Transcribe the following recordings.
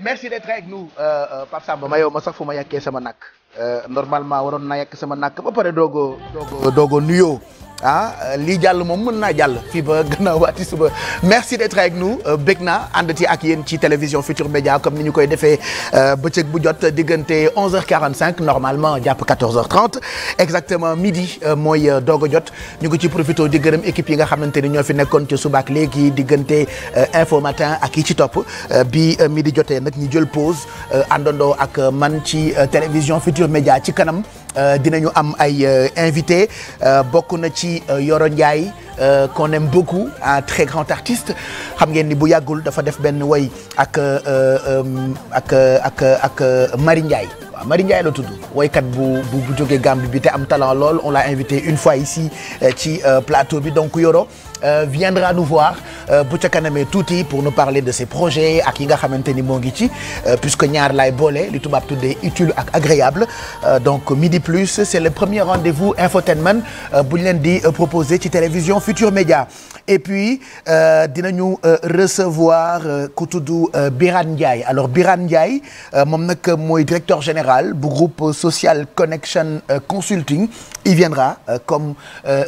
merci d'être avec nous euh, euh, Pape Samba ma yow ma sax fu ma yàkkee sama nakk euh, normalement waroon na yàkk sama nakk ba pare doogoo doogoo doogoo nuyoo ah euh, lii jàll moom mën naa jàll fii ba gannaaw waati suba merci d'être avec nous euh, bég naa ti ak yéen ci télévision Futur Média comme ni ñu koy defee euh, bëccëg bu jot diggante 11h45 normalement jàpp 14h30 exactement midi mooy doog jot ñu ngi ci profité di gërëm équipe yi nga xamante ni ñoo fi nekkoon ci suba ak léegi diggante info ak yi ci topp bi midi jotee nag ñu jël pause àndandoo ak man ci télévision Futur Média ci kanam. Euh, dinañu am ay euh, invité euh, bokk na ci Yoro Ndiaye qu'on aime beaucoup un très grand artiste xam ngeen ni bu yàggul dafa def benn way ak ak ak ak Marie Ndiaye waaw Marie Ndiaye la tudd woykat bu bu bu jógee Gambie bi te am talent lool on l'a invité une fois ici ci plateau bi donc Yoro Euh, viendra nous voir euh, bu ca kanamee tuuti pour nous parler de ses projets ak yi nga xamante ni moo ngi ci euh, puisque ñaar lay boole li tubaab tuddee utile ak agréable donc midi plus c'est le premier rendez-vous infotainment bu ñu leen di proposer ci télévision Futur Média et euh, dina ñu euh, recevoir euh, ku tudd Birane Ndiaye alors Birane Ndiaye moom nag mooy directeur général bu groupe social connection consulting il viendra comme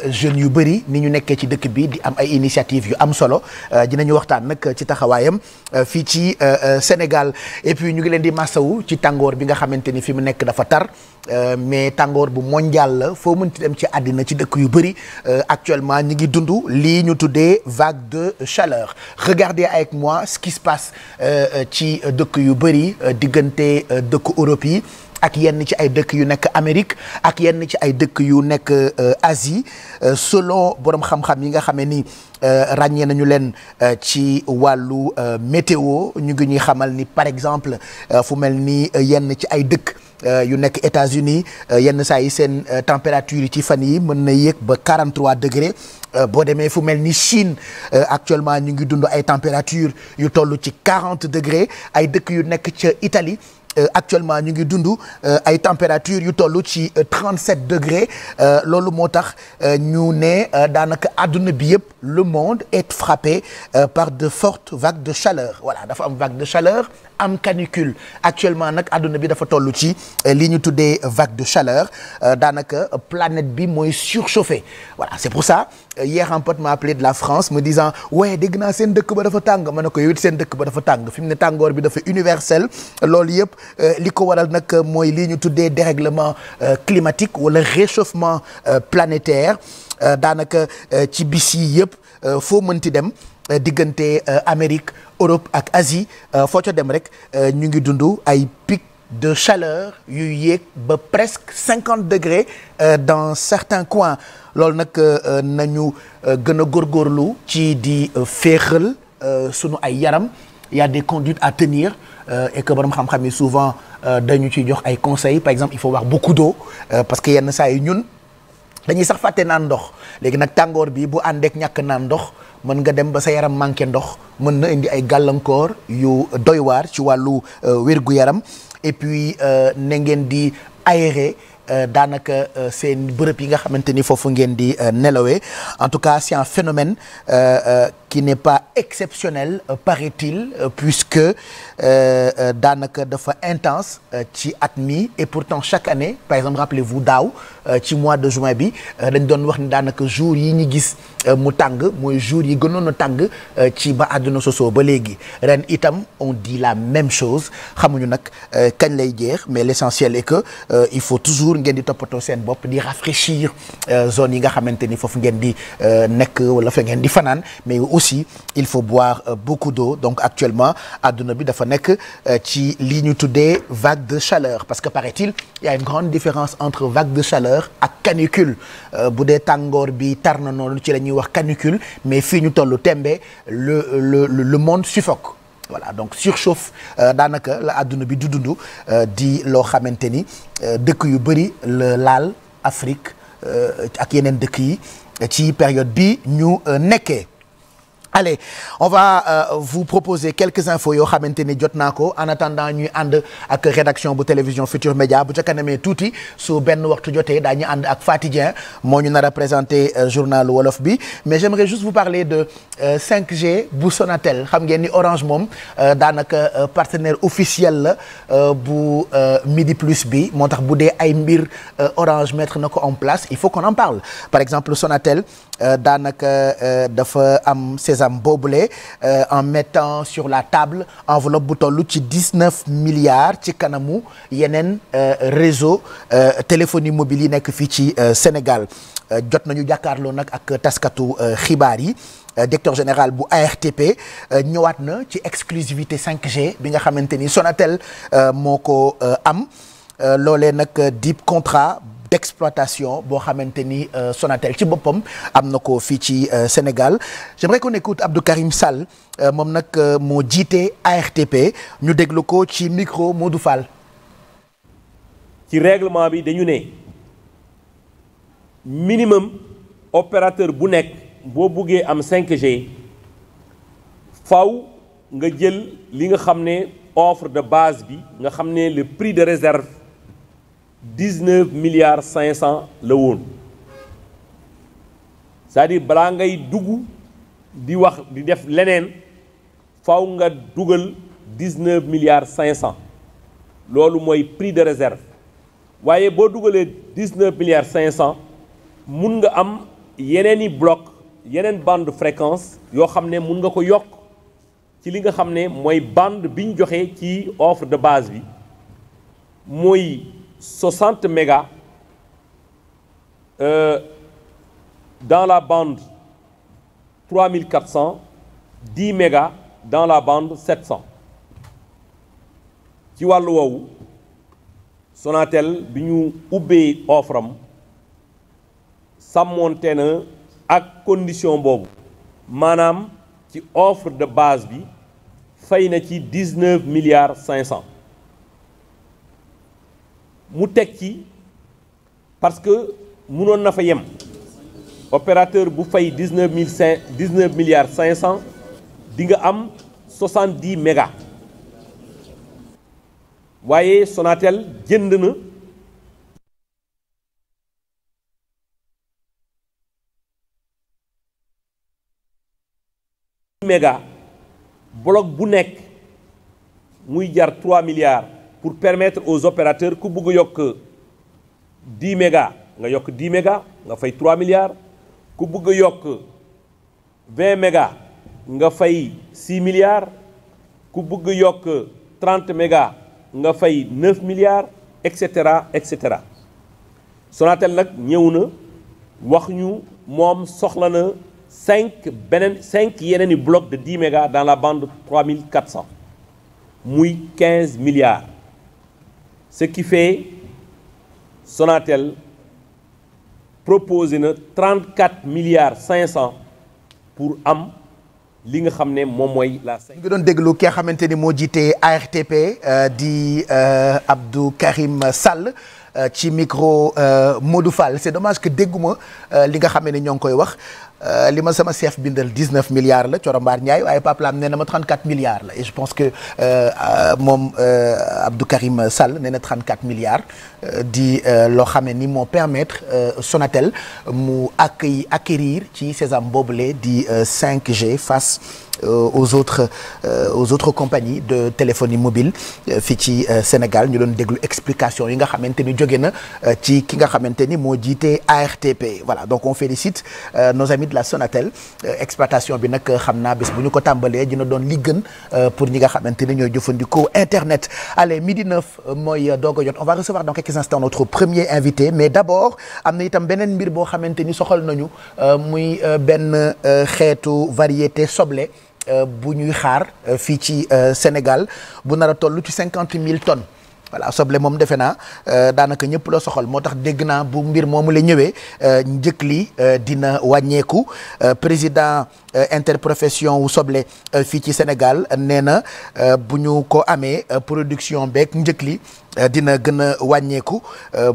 jeunes yu bëri ni ñu nekkee ci dëkk bi di am ay initiative yu am solo dina ñu waxtaan nag ci taxawaayam fii ci Sénégal et puis ñu ngi leen di massawu ci tàngoor bi nga xamante ni fi mu nekk dafa tar mais tàngoor bu mondial la foo mënti dem ci àddina ci dëkk yu bëri actuellement ñi ngi dund lii ñu tuddee vague de chaleur regardez avec moi ce qui se passe euh, euh, ci dëkk yu bëri euh, diggante dëkk Europe yi ak yenn ci ay dëkk yu nekk Amérique ak yenn ci ay dëkk yu nekk Asie selon borom xam-xam yi nga xamee ni ràññee nañu leen ci wàllu météo ñu ngi ñuy xamal ni par exemple fu mel ni yenn ci ay dëkk yu nekk États-Unis yenn saa yi seen température yi ci fan yi mën na yéeg ba 43 degrés Euh, boo demee fu mel ni Chine euh, actuellement ñu ngi dund ay température yu tollu ci quarante degrés ay dëkk yu nekk ca Italie euh, actuellement ñu ngi dund ay température yu toll ci trente-sept degrés loolu moo tax ñu ne daanaka àdduna bi yëpp le monde est frappé par de fortes vagues de chaleur voilà dafa am vague de chaleur am canicule actuellement nag àdduna bi dafa toll ci li ñu tuddee vague de chaleur daanaka planète bi mooy surchauffé voilà c'est pour ça hier un pote m'a appelé de la France me disant ouais dégg naa seen dëkk ba dafa tàng ma ne ko yow it seen dëkk ba dafa tàng fi mu ne tàngoor bi dafa universel loolu yëpp euh, li ko waral nag euh, mooy lii ñu tuddee dérèglement euh, climatique wala réchauffement planétaire daanaka ci bis yi yëpp foo mënti dem diggante Amérique Europe ak Asie foo ca dem rek ñu ngi dund ay pic de chaleur yuy yéeg ba presque cinquante degrés dans certains coins loolu nag euh, nañu euh, gën a góorlu ci di euh, féexal sunu ay yaram y a des conduites à tenir et que xam-xam yi souvent dañu ci jox ay conseils par exemple il faut wax beaucoup d'eau parce que yenn saa yi ñun dañuy sax fàtte naan ndox léegi nag tàngoor bi bu àndeek ñàkk naan ndox mën nga dem ba sa yaram manqué ndox mën na indi ay gàllankoor yu doy waar ci wàllu wér yaram et puis na ngeen di aérer Euh, daanaka euh, seen bërëb yi nga xamante ni foofu ngeen di euh, nelawee en tout cas c'est un phénomène qui n'est pas exceptionnel paraît-il puisque daanaka dafa intense ci at mi et pourtant chaque année par exemple rappelez-vous daaw ci mois de juin bi euh, dañ doon wax ni daanaka jour yi ñu gis euh, mu tàng mooy jour yi gënoon a tàng euh, ci ba àdduna sosoo ba léegi ren itam on di la même chose xamuñu nag kañ lay jeex mais l'essentiel est que il faut toujours ngeen di toppatoo seen bopp di rafraîchir zone yi nga xamante ni foofu ngeen di nekk wala fa ngeen di fanaan mais aussi il faut boire beaucoup d'eau donc actuellement àdduna bi dafa nekk ci li ñu tuddee vague de chaleur parce que paraît-il une grande différence chaleur ak canicule euh, bu dee tàngoor bi tar na noonu ci la ñuy wax canicule mais fii ñu tollu tembe le le le monde suffoque voilà donc surchauffe euh, daanaka la àdduna bi du dund euh, di loo xamante ni dëkk yu bëri la laal Afrique ak yeneen dëkk yi ci période bi ñu nekkee. allez on va euh, vous proposer quelques infos yoo xamante ni jot naa ko en attendant ñuy ànd ak rédaction bu télévision Futur Média bu ca kanamee tuuti su benn waxtu jotee daa daañu ànd ak Faty Dieng moo ñu nar a présenter euh, journal wolof bi mais j'aimerais juste vous parler de euh, 5G bu Sonatel xam ngeen ni Orange moom euh, daanaka euh, partenaire officiel la euh, bu Midi Plus bi moo tax bu dee ay mbir Orange mettre na ko en place il faut qu'on en parle par exemple Sonatel daanaka dafa am Sésame boobule euh, en mettant sur la table enveloppe bu toll ci dix-neuf milliards ci kanamu yeneen euh, réseau euh, téléphonie mobile yi nekk fii ci Sénégal jot nañu jàkkaarloo nag ak taskatu xibaar yi. directeur général bu ARTP ñëwaat na ci exclusivité 5G bi nga xamante ni Sonatel moo ko am loolee nag dip contrat d'exploitation boo xamante ni euh, Sonatel ci boppam am na ko fii ci euh, Sénégal j'aimerais qu'on écoute Abdou Karim Sall euh, moom nag moo jiite ARTP ñu déglu ko ci micro Modou Fall. ci réglement bi dañu ne minimum opérateur bu nekk boo buggee am 5G faw nga jël li nga xam ne offre de base bi nga xam ne le prix de réserve. dix-neuf cinq cent la woon cest à balaa ngay dugg di wax di def leneen faw nga dugal dix-neuf cinq cent loolu mooy prix de réserve waaye boo dugalee dix-neuf cinq cent mun nga am yeneen i bloc yeneen band fréquence yoo xam ne mun nga ko yokk ci li nga xam ne mooy band bi ñu joxe ci offre de base bi mooy 60 mégas euh, dans la bande 3400 10 méga dans la bande 700 ci wàllu woowu Sonatel bi ñu ubbee offre am ak condition boobu maanaam ci offre de base bi fay na ci 19 milliards 500 mu teg ci parce que mënoon na fa yem opérateur bu fay dix mille cinq dix neuf milliards cinq cent di nga am soixante dix méga waaye Sonatel jënd na méga bloc bu nekk muy jar trois milliards. pour permettre aux opérateurs ku bugg yokk 10 mégas nga yokk 10 nga fay 3 milliards ku bugg yokk 20 mégas nga fay 6 milliards ku bugg yokk 30 mégas nga fay 9 milliards et cetera et cetera Sonatel nag ñëw na wax ñu moom soxla na cinq beneen cinq yeneen i blocs de 10 mégas dans la bande 3400 muy 15 milliards ce qui fait Sonatel proposé na 34 milliards 500 pour am li nga xam ne moom mooy la. ñu ngi doon déglu ki nga xamante ni moo jiite ARTP euh, di euh, Abdou Karim Sall. Euh, ci micro Modou Fall c'est dommage que dégguma li nga xam ne ñoo ngi koy wax Euh, li ma sama chef bindal 19 milliards la Coro Mbaar Ndiaye waaye Pape Lam nee na milliards la et je pense que euh, euh, moom Abdou Karim Sall nee na 34 milliards di loo xamee ni moo permettre Sonatel mu accueil acquérir ci sésame boobule di 5G face. Euh, aux autres euh, aux autres compagnies de téléphonie mobile euh, fii ci Sénégal ñu doon déglu explication yi nga xamante ni jóge na ci ki nga xamante ni moo jiite ARTP voilà donc on félicite nos amis de la Sonatel exploitation bi nag xam naa bés bu ñu ko tàmbalee dina doon li gën pour ñi nga xamante ni ñooy jëfandikoo internet allez midi neuf mooy doog a jot on va recevoir dans quelques instants notre premier invité mais d'abord am na itam beneen mbir boo xamante ni soxal nañu muy benn xeetu variété soble Euh, bu ñuy xaar euh, fii ci euh, Sénégal bu nar a toll ci cinquante mille tonnes voilà soble moom defe naa daanaka ñëpp la soxal moo tax dégg naa bu mbir moomu la ñëwee njëkk li dina wàññeeku président interprofession wu soble fii ci Sénégal nee na bu ñu ko amee production beeg njëkk li dina gën a wàññeeku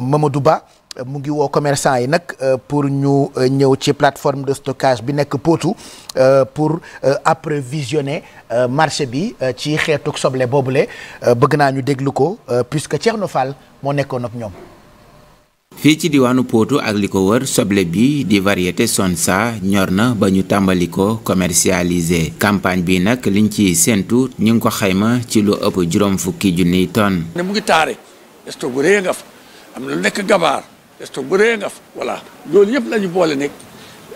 Mamadou Ba. mu ngi woo commerçant yi nag euh, pour ñu euh, ñëw ci plateforme de stockage bi nekk Potou euh, pour approvisionner marché bi ci xeetu soble boobule bëgg naa ñu déglu ko puisque Thierno Fall moo nekkoon ak ñoom. fii ci diwaanu Potou ak li ko wër soble bi di variété sonn Sonsa ñor na ba ñu tàmbali ko commercialiser campagne bi nag liñ ci séentu ñu ngi ko xayma ci lu ëpp juróom fukki ju tonnes. ne mu ngi taare stock bu rëy nga fa am na lu nekk gabaar. stock bu rëy nga fa voilà loolu yëpp la ñu boole nekk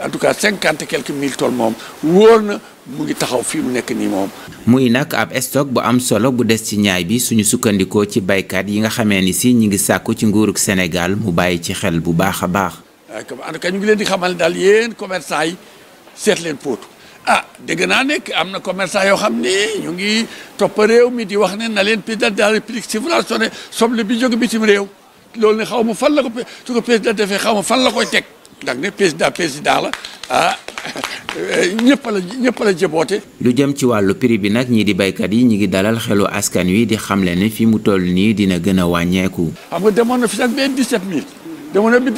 en tout cas cinquante quelques mille tonnes moom woor na mu ngi taxaw fii mu nekk nii moom. muy nag ab stock bu am solo bu des ci ñaay bi suñu sukkandikoo ci baykat yi nga xamee ni si ñu ngi sàkku ci nguurug Sénégal mu bàyyi ci xel bu baax a baax. Ah, en tout ñu ngi leen di xamal daal yéen commerçant yi seet leen póotu ah dégg naa nekk am na commerçant yoo xam ne ñu ngi topp réew mi di wax ne na leen prix de la république subventionné soble bi jóge bitim réew. loolu ne xaw ma fan la ko su ko président defee xaw ma fan la koy teg ndax ne président président la ah ñëpp la ñëpp la jëboote lu jëm ci wàllu prix bi nag ñii di baykat yi ñu ngi dalal xelu askan wi di xamle ni fi mu toll nii dina gën a wàññeeku. xam nga demoon na fi sax ba 17000. demoon na ba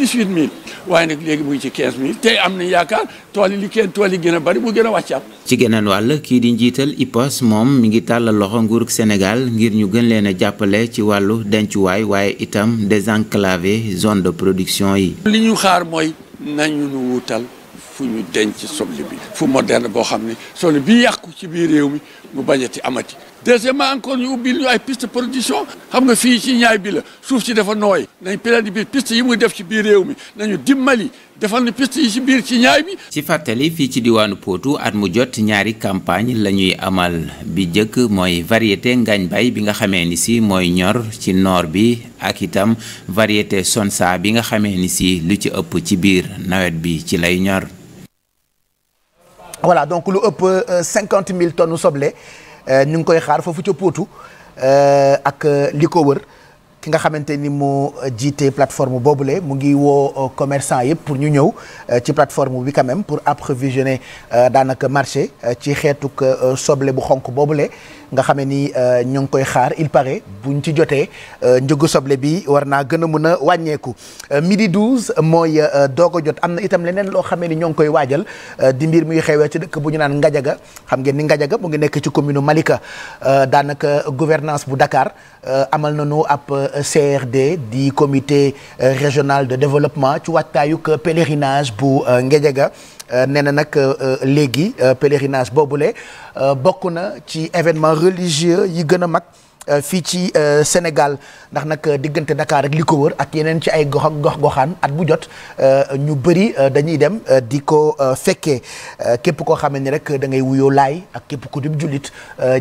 waaye nag léegi mu ngi ci quinze mille tey am na yaakaar tool yi li kenn tool yi gën a bari mu gën a wàccaat. ci geneen wàll kii di njiital IPOS moom mi ngi tàllal loxo nguurug Sénégal ngir ñu gën leen a jàppale ci wàllu dencuwaay waaye itam des désenclavé zone de production yi. li ñu xaar mooy nañu nu wutal fu ñu denc soble bi fu moderne boo xam ne soble bi yàqu ci biir réew mi mu bañati amati. deuxièmement encore ñu ubbil ñu ay piste production xam nga fii ci ñaay bi la suuf si dafa nooy nañ période bi piste yi muy def ci biir réew mi nañu dimbali defal ñu piste yi ci biir ci ñaay bi ci fàttali fii ci diwaanu Potou at mu jot ñaari campagne lañuy amal bi jëkk mooy variété ngañ bay bi nga xamee ni si mooy ñor ci noor bi ak itam variété sonsa bi nga xamee ni si lu ci ëpp ci biir nawet bi ci lay ñor voilà donc lu ëpp euh, cinquante mille tonnes soble Euh, ñu ngi koy xaar foofu ca Potou euh, ak euh, li ko wër ki nga xamante ni mu jiite plateforme boobule mu ngi woo commerçant yëpp pour ñu ñëw ci plateforme bi quand même pour approvisionner daanaka marché ci xeetuk soble bu xonk boobu boobule nga xamee ni euh, ñoo ngi koy xaar il bu buñ ci jotee euh, njëgu soble bi war naa gën a mun a wàññeeku euh, midi 12 mooy doogo jot am na itam leneen loo xamee ni ñoo ngi koy waajal di mbir muy xewee ci dëkk bu ñu naan Ngajaga xam ngeen ni Ngajaga mu ngi nekk ci commune Malika daanaka gouvernance bu dakaar amal na nañu ab CRD di comité régional de développement ci waajtaayug pèlerinage bu Ngajaga Euh, nee na nag euh, euh, léegi pèlerinage boobule bokk na ci événement religieux yi gën a mag fii ci Sénégal ndax nag diggante ndakaar rek li ko wër ak yeneen ci ay gox gox goxaan at bu jot ñu bëri dañuy dem di ko fekkee képp koo xam ni rek da ngay wuyoo laay ak képp ku dib jullit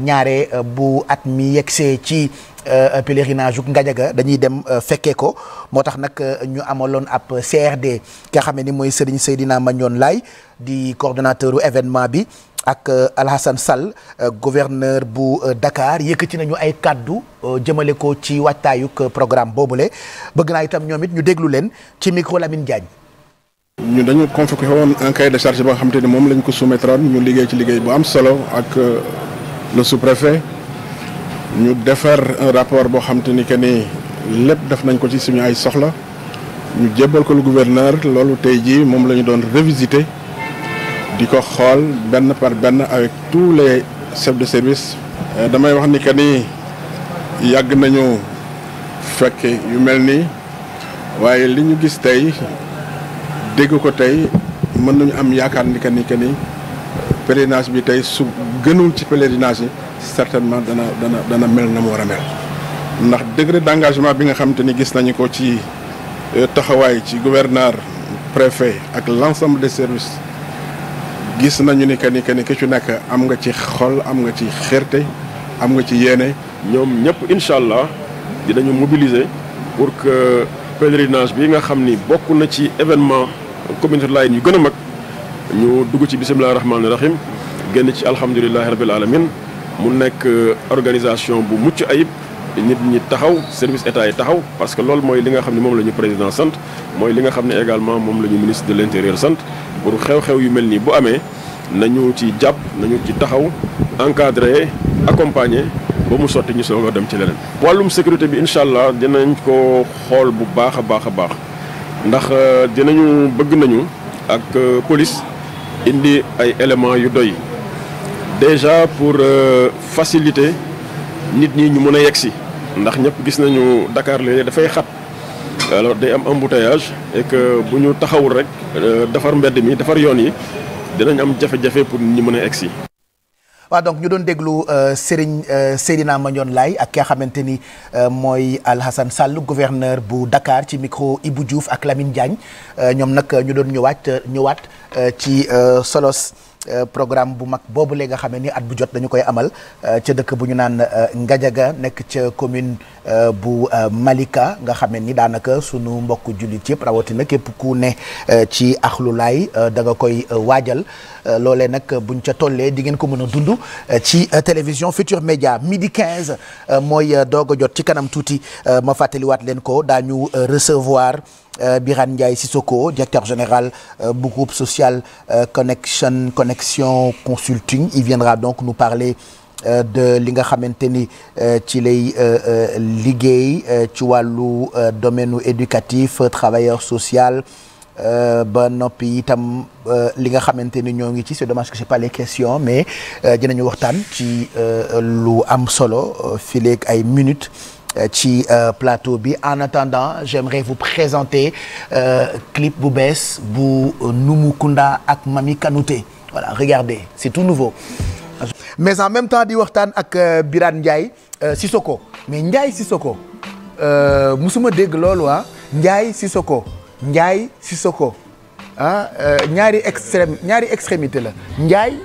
ñaare bu at mi yegsee ci. Euh, pèlerinage uk Ngadiaga dañuy dem euh, fekkee ko moo tax nag euh, ñu amaloon ab CRD nga xam ne ni mooy Serigne Seydina mañoon laay di coordonnateur événement bi ak Alhassane Sall gouverneur bu Dakar yëkkati nañu ay kàddu jëmale ko ci waajtaayuk programme boobule bëgg naa itam ñoom it ñu déglu leen ci micro Lamine Diagne ñu dañu convoqué woon un cahier de charge xamante ni moom lañ ko soumettre ñu liggéey ci liggéey bu am solo ak le sous-préfet ñu defar un rapport boo xam ni que ni lépp def nañ ko ci suñu ay soxla ñu jébbal ko le gouverneur loolu tey jii moom la ñu doon révisité di ko xool benn par benn avec tous les chefs de service. Euh, damay wax ni que ni yàgg nañu fekk yu mel nii waaye li ñu gis tey dégg ko tey mën nañu am yaakaar ni que ni que ni. pèlerinage bi tey su gënul ci pèlerinage yi certainement dana dana dana mel na mu war a mel ndax degré d'engagement bi nga xam te ni gis nañu ko ci euh, taxawaay ci gouverneur préfet ak l'ensemble des services gis nañu ni que ni que ni ku ci nekk am nga ci xol am nga ci xerte am nga ci yéene. ñoom ñëpp incha allah dinañu mobiliser pour que pèlerinage bi nga xam ni bokk na ci événement communauté layène yu gën a mag. ñu dugg ci bisimilah rahmaani rahim génn ci alhamdulilahi rabil alamin mu nekk euh, organisation bu mucc ayib nit ñi taxaw service état yi taxaw parce que loolu mooy li nga xam ne moom la ñu président sant mooy li nga xam ne également moom la ñu ministre de l' sant pour xew-xew yu mel nii bu amee nañu ci jàpp nañu ci taxaw encadré accompagné ba mu sotti ñu soog a dem ci leneen. wàllum sécurité bi incha allah dinañ ko xool bu baax a baax a baax ndax euh, dinañu bëgg nañu ak euh, police. indi ay éléments yu doy déjà pour euh, facilité nit ñi ñu mën a si ndax ñëpp gis nañu Dakar léegi dafay xat alors day am embouteillage et bu ñu taxawul rek euh, defar mbedd mi defar yoon yi dinañ am jafe-jafe pour ñu ñi mën a si waa donc ñu doon déglu euh, Serigne euh, Seydina Mandione Laye ak ki nga xamante ni euh, mooy Alhassane sàll gouverneur bu Dakar ci micro Ibou Diouf ak Lamine Diagne ñoom nag ñu doon ñëwaat ñëwaat ci solos Euh, programme bu mag boobu boobule nga xam ne ni at bu jot dañu koy amal euh, ca dëkk bu ñu naan euh, Ngadiaga nekk ca commune bu Malika nga xam ne ni daanaka sunu mbokk jullit yëpp rawatina képp ku ne ci axlu laay da nga koy waajal loole nag buñ ca tollee di ngeen ko mën a dund ci télévision Futur Média midi quinze mooy doog a jot ci kanam tuuti ma fàttaliwaat leen ko daañu recevoir. Euh, Birane Ndiaye Sissoko directeur général euh, bu groupe social euh, Connection Connexion Consulting il viendra donc nu parler de li nga xamante ni ci lay liggéey ci wàllu domaine éducatif travailleur social ba noppi tam li nga xamante ni ñoo ngi ci c'est dommage que c'est pas les mais dinañu waxtaan ci lu am solo fileeg ay minutes Euh, ci euh, plateau bi en attendant j'aimerais vous présenter euh, clip bu bees bu Numukunda ak Mami Kanouté voilà regardez c'est tout nouveau mais en même temps di waxtaan ak Birane Ndiaye Sissoko mais Ndiaye Sissoko musuma dégg loolu ah Ndiaye Sissoko Ndiaye Sissoko ah ñaari extrême ñaari extrémité la Ndiaye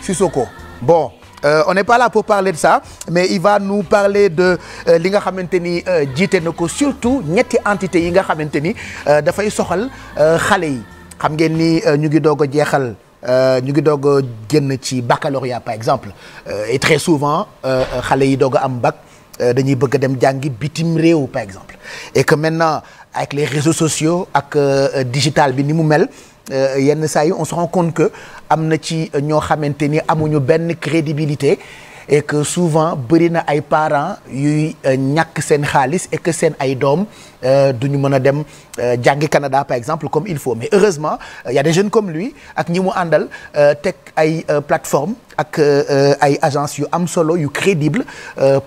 Sissoko bon Euh, on n'est pas là pour parler de ça mais il va nous parler de euh, li nga xamante ni euh, jiite na ko surtout ñetti entités yi nga xamante ni dafay soxal xale yi xam ngeen ni ñu ngi doog a jeexal. ñu ngi doog a génn ci baccalauréat par exemple euh, et très souvent xale yi doog a am bac dañuy bëgg dem jàngi bitim réew par exemple et que maintenant avec les réseaux sociaux ak euh, digital bi ni mu mel Euh, yenn saa yi on se rend compte am na ci ñoo xamante ni amuñu benn crédibilité et que souvent bëri na ay parents yuy euh, ñàkk seen xaalis et seen ay doom Euh, du ñu mën a dem euh, jàngi Canada par exemple comme il faut mais heureusement euh, y a des jeunes comme lui ak ñi mu àndal teg ay plateforme ak ay agence yu am solo yu crédible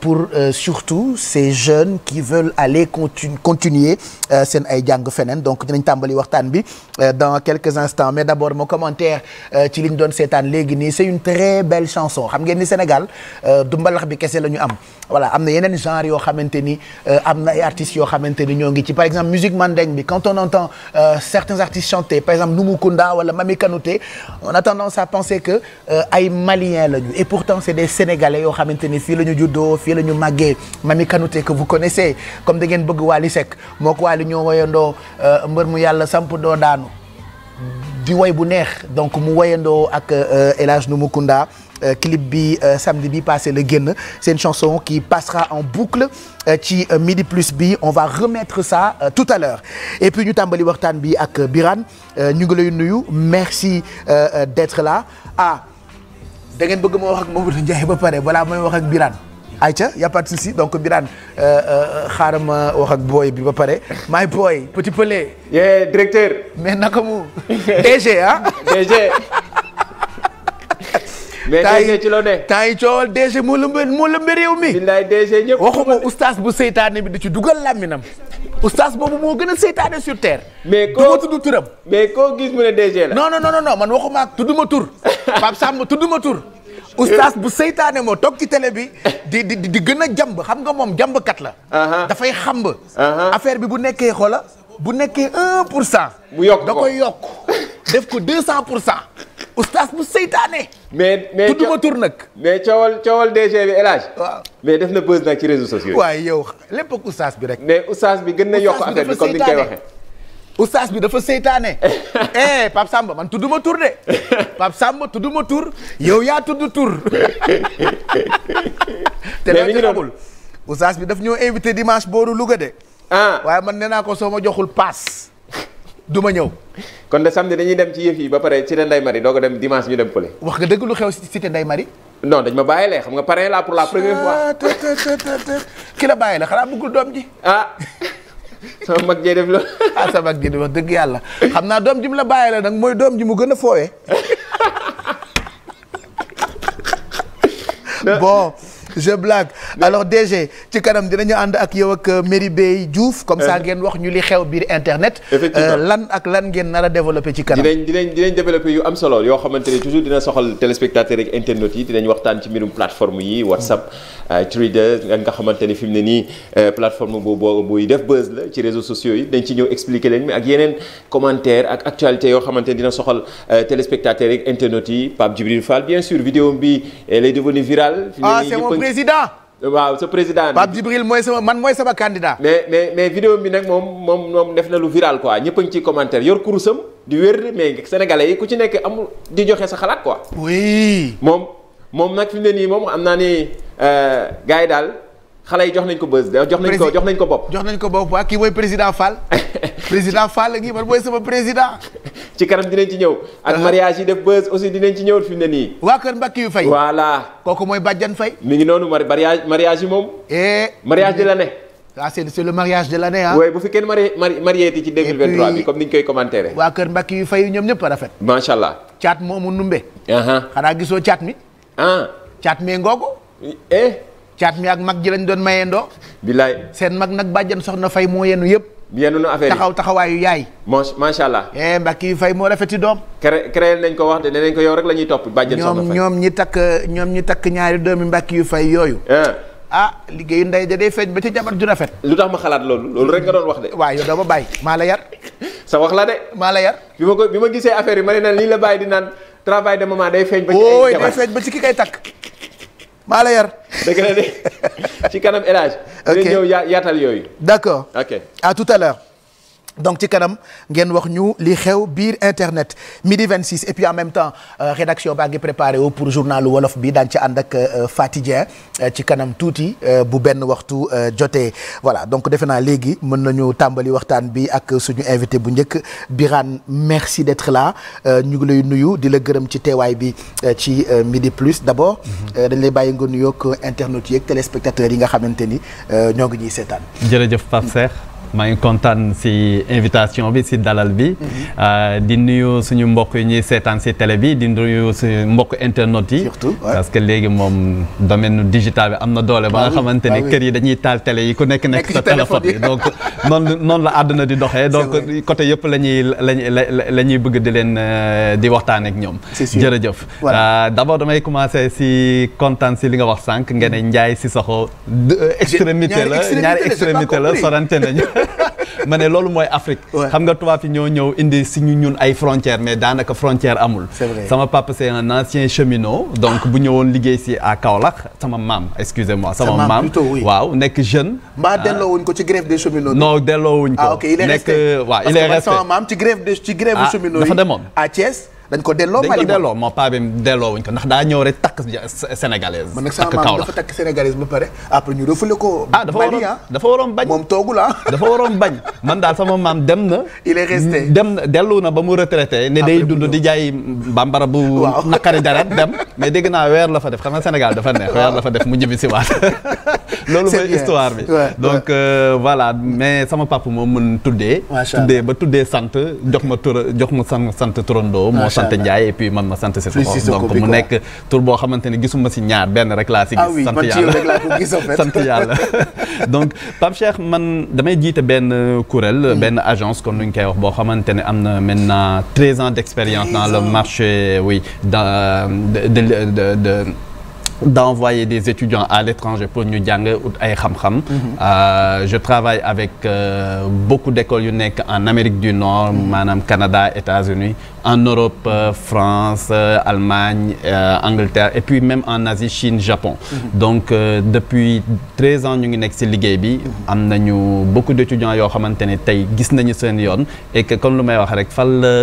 pour surtout ces jeunes qui veulent aller continu continuer seen ay jàng feneen donc dinañ tàmbali waxtaan bi dans quelques instants mais d'abord mon commentaire ci li ñu doon seetaan léegi nii c'est une très belle chanson xam ngeen ni Sénégal du mbalax bi kese la ñu am voilà am na yeneen genre yoo xamante ni euh, am na ay artistes yoo xamante ni ñoo ngi ci par exemple musique mandeng bi quand on entend euh, certains artistes chanter par exemple Numukunda wala Mami Kanouté on a tendance à penser que euh, ay maliens la ñu et pourtant c'est des sénégalais yoo xamante ni fii la ñu juddoo fii la ñu màggee Mami Kanouté que vous connaissez comme da ngeen bëgg Wally Seck moo ko Wally ñoo doo mbër mu yàlla samp doo daanu di woy bu neex donc mu woyandoo ak euh, El nu Numukunda euh, clip bi euh, samedi bi passé la génn c'est une chanson qui passera en boucle ci Midi Plus bi on va remettre ça tout à l'heure et puis ñu tàmbali waxtaan bi ak Birane ñu ngi lay nuyu merci d'être là ah da ngeen bëgg ma wax ak Mamadou Ndiaye ba pare balaa mooy wax ak Birane ay ca a pas donc Birane euh, euh, xaaral ma wax ak booy bi ba pare my boy petit pelé. yee directeur. mais naka mu DG ah. DG. mais DG ci la ne. temps yi coowal DG moo lëmbee moo réew mi. billaay DG ñëpp. waxuma bu seytaane bi di ci dugal làmminam oustaz boobu moo gën a seytaane sur terre. mais koo du turam. mais koo gis mu ne DG la. non non non non man waxuma ma tur Pape Samb tudduma tur. oustaz bu seytaanee moo toog ci télé bi di di di gën a jàmb xam nga moom jàmbkat la uh-huh. dafay xamb uh-huh. affaire bi bu nekkee xoola bu nekkee un pour cent mu yokk da koy yokk def ko deux cent pour cent oustaz bu seytaane mais mais tudduma tur mais coowal coowal DG bi El Hadj waaw mais def na buzz nag ci réseaux sociaux waaye yow lépp ak oustaz bi rek mais oustaz bi gën na yokk affaire bi comme ni nga koy waxee oustaz bi dafa seytaane eh Pape Samba man tudd ma tur de Pape Samba tudd ma tur yow yaa tudd tur te loolu ci xamul oustaz bi daf ñëw invité dimanche booru Louga de ah waaye man nee naa ko soo ma joxul paas du ma ñëw kon de samedi dañuy dem ci yëf yi ba pare cité Ndeye mari doo ko dem dimanche ñu dem fële wax nga dëgg lu xew cité Ndeye mari non dañ ma bàyyi lee xam nga pare la pour la première fois ki la bàyyi la xanaa bëggul doom ji ah. sama mag jee def loolu. ah sama mag ji di wax dëgg yàlla xam naa doom ji mu la bàyyi la nag mooy doom ji mu gën a foowe bon. je blague alors DG ci kanam dinañu ànd ak yow ak euh, Merry Beye Diouf comme ça eh. ngeen wax ñu li xew biir internet euh, lan ak lan ngeen nar a développé ci kanam dinañ dinañ dinañ développé yu am solo yoo xamante ni toujours dina soxal téléspectateurs ak internautes yi dinañ waxtaan ci mbirum plateforme yi WhatsApp mm. euh, Twitter nga xamante ni fi mu ne nii plateforme boobu buy def buzz la ci réseaux sociaux yi dañ ci ñëw expliqué leen mais ak yeneen commentaire ak actualité yoo xamante ni dina soxal téléspectateurs ak internautes yi Pape Djibril Fall bien sûr bi lay devenu viral président. waaw sa président. Pape Djibril mooy sama man mooy sama candidat. mais mais mais vidéo bi nag moom moom moom def na lu viral quoi ñëpp a ngi ciy commentaire yor kurusam di wér mais sénégalais yi ku ci nekk amul di joxe sa xalaat quoi. moom moom nag fi mu ne nii moom am naa ni euh, gars yi daal. xale yi jox nañ ko bës jox nañ ko jox nañ ko bopp. jox nañ ko bopp waa kii mooy président Fall. président Fall ngi man mooy sama président. ci kanam dinañ ci ñëw. ak uh-huh. mariage yi def bës aussi dinañ ci ñëw fi mu ne nii. waa kër Mbakki yu fay. voilà kooku mooy Badiane Faye. mi ngi noonu mariage mariage moom. Eh. mariage de l'année. ah c'est c'est le mariage de l'année bu fi kenn marié mariéti ci 2023 bi comme ni ñu koy commentaire. waa kër Mbakki yu fay ñoom ñëpp a rafet. macha allah. caat moomu numbe. Uh-huh. xanaa gisoo caat mi. ah caat mee ngoogu. eh. caat mi ak mag ji lañ doon mayendoo bilaay seen mag nag bàjjan soxna fay moo yenu yëpp yenu na affaire yi taxaw taxawaayu yaay macha allah eh mbakki fay moo rafeti doom cré créé nañ ko wax de nee nañ ko yow rek la ñuy topp bàjjan soxna fay ñoom ñi takk ñoom ñi takk ñaari doomi mbàkki yu fay eh. ah, da day ba ci jabar ju rafet lu tax ma xalaat loolu loolu rek nga doon wax de waaw doo ma bàyyi maa la yar sa wax la de maa la yar bi ma ko bi ma gisee affaire yi ma ne naan lii la bàyyi di naan travail de maman day feeñ ba ci ki kay takk maa la yar. dëgg la de ci kanam El Hadj. ok ñëw yaatal yooyu. d'accord. ok à tout à l'heure donc ci kanam ngeen wax ñu li xew biir internet midi 26 et puis en même temps euh, rédaction baa ngi préparé wu pour journalu wolof bi daañu ci ànd ak euh, Faty euh, ci kanam tuuti euh, bu benn waxtu jotee voilà donc defe naa léegi mën nañu tàmbali waxtaan bi ak suñu invité bu njëkk Birane merci d'être là ñu ngi lay nuyu di la gërëm ci teewaay bi ci midi plus d'abord. Mhm. dañ lay bàyyi nga nuyoog internautes yeeg téléspectateurs yi nga xamante ni ñoo ngi ñuy seetaan. jërëjëf maa ngi kontaan si invitation bi si dalal bi. Mhm. Euh, di nuyu suñu mbokk yi ñuy seetaan si télé bi di nuyu suñu mbokk internet yi. surtout parce que léegi moom domaine digital bi am na doole. ba nga ah xamante ah ne kër yi dañuy taal télé yi ku nekk nekk sa téléphone bi donc noonu la àdduna di doxee. donc côté yëpp la ñuy la ñuy bëgg di leen euh, di waxtaan ak ñoom. jërëjëf. Euh, d' abord damay commencé si kontaan si li nga wax sànq. nga ne mhm. Ndiaye Cissokho. extrémité la ñaari extrémité la sorante ma ne loolu mooy Afrique. xam nga tubaab yi ñoo ñëw indi si ñu ñun ay frontières mais daanaka frontière amul. sama papa c'est un ancien cheminot. donc bu ñëwoon liggéey si à Kaolack sama maam excusez-moi. sama maam waaw nekk jeune. mbaa delloo wuñ ko ci grève des cheminots. non delloo wuñ ko. ah ok il nekk waaw il est resté. sama maam ci grève des ci grève ah, des cheminots yi. dafa demoon à Thiès. dañ ko delloo Mali dañ ko delloo moo paa bi delloo wuñ ko ndax daa ñëw rek takk sénégalaise. man nag sama maam dafa takk sénégalaise ba pare après ñu refoulé ko. ah dafa waroon ah. dafa waroon bañ moom toogu ah. la dafa waroon bañ man daal sama maam dem na. dem na dellu na ba mu retraité. ne day dund di jaay bambara bu. waaw naqari dara dem. mais dégg naa weer la fa def xam Sénégal dafa neex weer la fa def mu ñibbi si waat. loolu mooy histoire bi donc euh, voilà mais sama papa moom mën tuddee. tuddee ba tuddee sant jox ma tur jox ma sant turandoo. sant Ndiaye et puis man ma sant Sissoko donc mu nekk tur boo xamante ne gisuma si ñaar benn rek laa si gis ah sant yàlla sant yàlla donc Pape Cheikh man damay jiita benn kuréel hmm. benn agence kon nu ñu koy wax boo xamante ne am na maintenant treize ans d' expérience dans le marché oui dans de de de d'envoyer des étudiants à l'étranger pour ñu jàng out ay xam-xam hmm. euh, je travaille avec euh, beaucoup décole yu nekk en Amérique du Nord hmm. maanaam Canada États-Unis en Europe, euh, France, euh, Allemagne, euh, Angleterre et puis même en Asie, Chine, Japon. Mhm. donc euh, depuis treize ans ñu ngi nekk ci liggéey bi. Mhm. am nañu beaucoup d'étudiants yoo xamante ne tey gis nañu seen yoon et que comme lu may wax rek fan la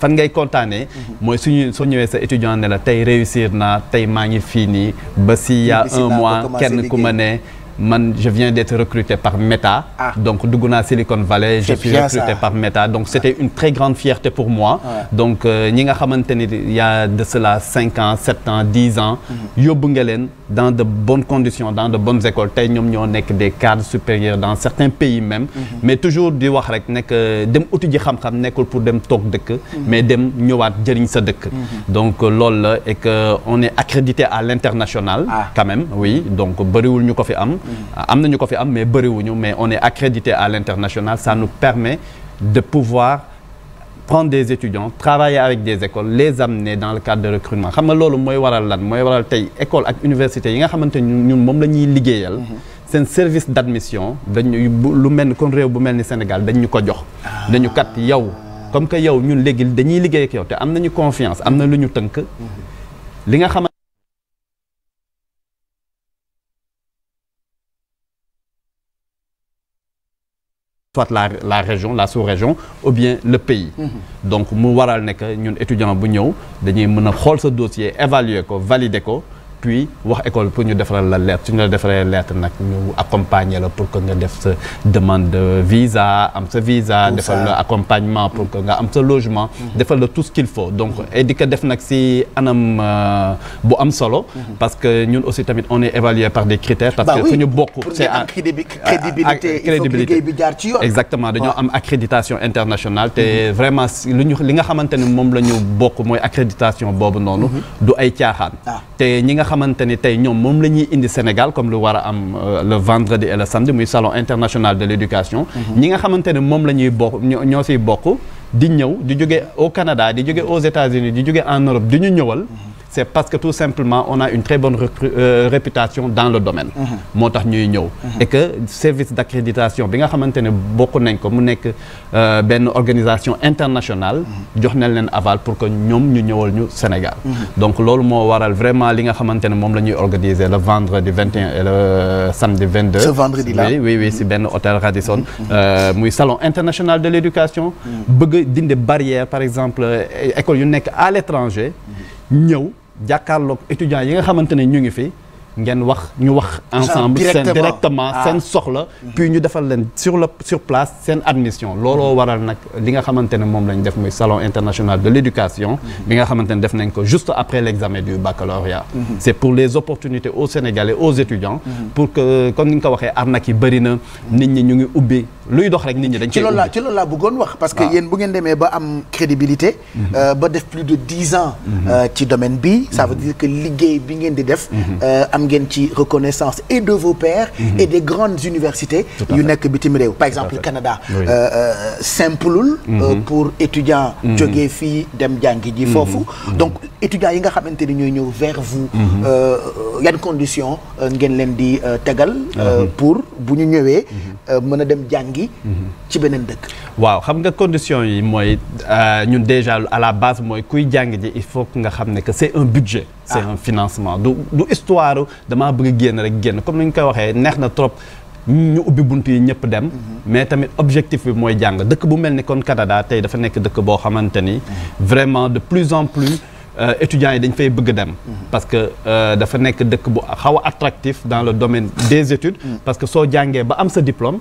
fan ngay kontaanee. Mhm. mooy suñu soo ñëwee sa étudiant ne la tey réussir na tey maa ngi fii nii ba si y a un mois kenn ku ma ne. man je viens d'être recruté par Meta. Ah. donc dugg naa Silicon Valley. je suis recruté par Meta donc c' était une très grande fierté pour moi. donc euh, ñi nga xamante ni ya de cela cinq ans sept ans dix ans. Mhm. yóbbu nga leen dans de bonnes conditions dans de bonnes écoles tey ñoom ñoo nekk des cadres supérieurs dans certains pays même. Mhm. mais toujours di wax rek nekk dem uti ji xam-xam nekkul pour dem toog dëkk. Mhm. mais dem ñëwaat jëriñ sa dëkk. donc euh, loolu la et que on à l'international ah. quand même oui donc bëriwul ñu ko fi am. Euh, am nañu ko fi am mais bëriwuñu mais on est accrédité à l'international ça nous permet de pouvoir prendre des étudiants travailler avec des écoles les am ne dans le cadre de recrutement xam nga loolu mooy waral lan mooy waral tey école ak université yi nga xamante ñun moom la ñuy liggéeyal mhm. seen service d'admission dañu lu mel ni kon réew bu mel ni Sénégal dañu ko jox ah. dañu kat yow comme que yow ñun léegi dañuy liggéey ak yow te am nañu confiance am na lu ñu tënk mhm. soit la la région la sous-région ou bien le pays. Mhm. donc mu waral ne que ñun étudiant bu ñëw dañuy mun a xool sa dossier évaluer ko valider ko. appui wax école pour ñu defaral la lettre su ñu la defaree lettre nag ñu accompagner la pour que nga def sa demande de visa am sa visa defal la accompagnement pour que nga am sa logement mhm. defal la tout ce qu'il faut donc et di def nag si anam euh, bu am solo mhm. parce que ñun aussi tamit on est évalué par des critères parce que fu ñu bokk c'est euh, crédibilité bi jaar ci exactement dañoo am accréditation internationale te vraiment lu ñu li nga xamante ne moom la ñu bokk mooy accréditation boobu noonu mhm. xamante ni tey ñoom moom la ñuy indi Sénégal comme lu war a am euh, le vendredi et le samedi muy salon international de l'éducation mm-hmm. ñi nga xamante ne moom la ñuy bokk ñoo siy bokk di ñëw di jóge au Canada di jóge aux États-Unis di jóge en Europe di ñu ñëwal mm-hmm. c'est parce que tout simplement on a une très bonne euh, réputation dans le domaine uh-huh. moo tax ñuy ñëw uh-huh. et que service d'accréditation bi nga xamante ne bokk nañ ko mu nekk euh, benn organisation internationale uh-huh. jox nañ leen aval pour que ñoom ñu ñëwal ñu Sénégal donc loolu moo waral vraiment li nga xamante ne moom la ñuy organiser le vendredi 21 et le samedi 22 ce vendredi là oui oui si benn hôtel Radisson euh, muy salon international de l'éducation bëgg dindi barrière par exemple euh, école yu nekk à l'étranger ñëw jàkkaarloog étudiants yi nga xamante ne ñu ngi fi. ngeen wax ñu wax ensemble seen directement ah. seen soxla puis ñu defal leen sur le sur place seen admission looloo waral nag li nga xamante ne moom lañ def muy salon international de l'éducation bi nga xamante ne def nañ ko juste après l'examen du baccalauréat mm-hmm. c'est pour les opportunités aux Sénégalais aux étudiants mm-hmm. pour que comme ni nga ko waxee arnaque yi bëri na nit ñi ñu ngi ubbi luy dox rek nit ñi dañ ci loolu laa ci loolu laa bëggoon wax parce que ah. yéen bu ngeen demee ba am crédibilité mm-hmm. euh, ba def plus de dix euh, ci domaine bi ça liggéey bi ngeen di def euh, am ngeen ci reconnaissance et de vos pairs mhm. et des grandes universités yu nekk bitim réew par exemple Canada euh, euh, simplul euh, mhm. pour étudiants mhm. jógee fii dem jàngi ji foofu donc étudiants yi nga xamante ni ñooy ñëw vers vous yan condition ngeen leen di tegal pour bu ñu ñëwee mën a dem jàngi ci beneen dëkk waaw xam nga condition yi mooy ñun déjà à la base mooy kuy jàng ji il faut que nga xam ne que c'est un budget c'est ah. un financement du du histoire damaa bëgg génn rek génn comme ni ñu koy waxee neex na trop ñu ubbi bunt yi ñëpp dem. Mhm. mais tamit objectif bi mooy jàng dëkk bu mel ni kon Canada tey dafa nekk dëkk boo xamante ni. Mhm. vraiment de plus en plus. Euh, étudiants yi dañ fay bëgg dem. Mhm. parce que euh, dafa nekk dëkk bu xaw a attractif dans le domaine des études. parce que soo jàngee ba am sa diplôme.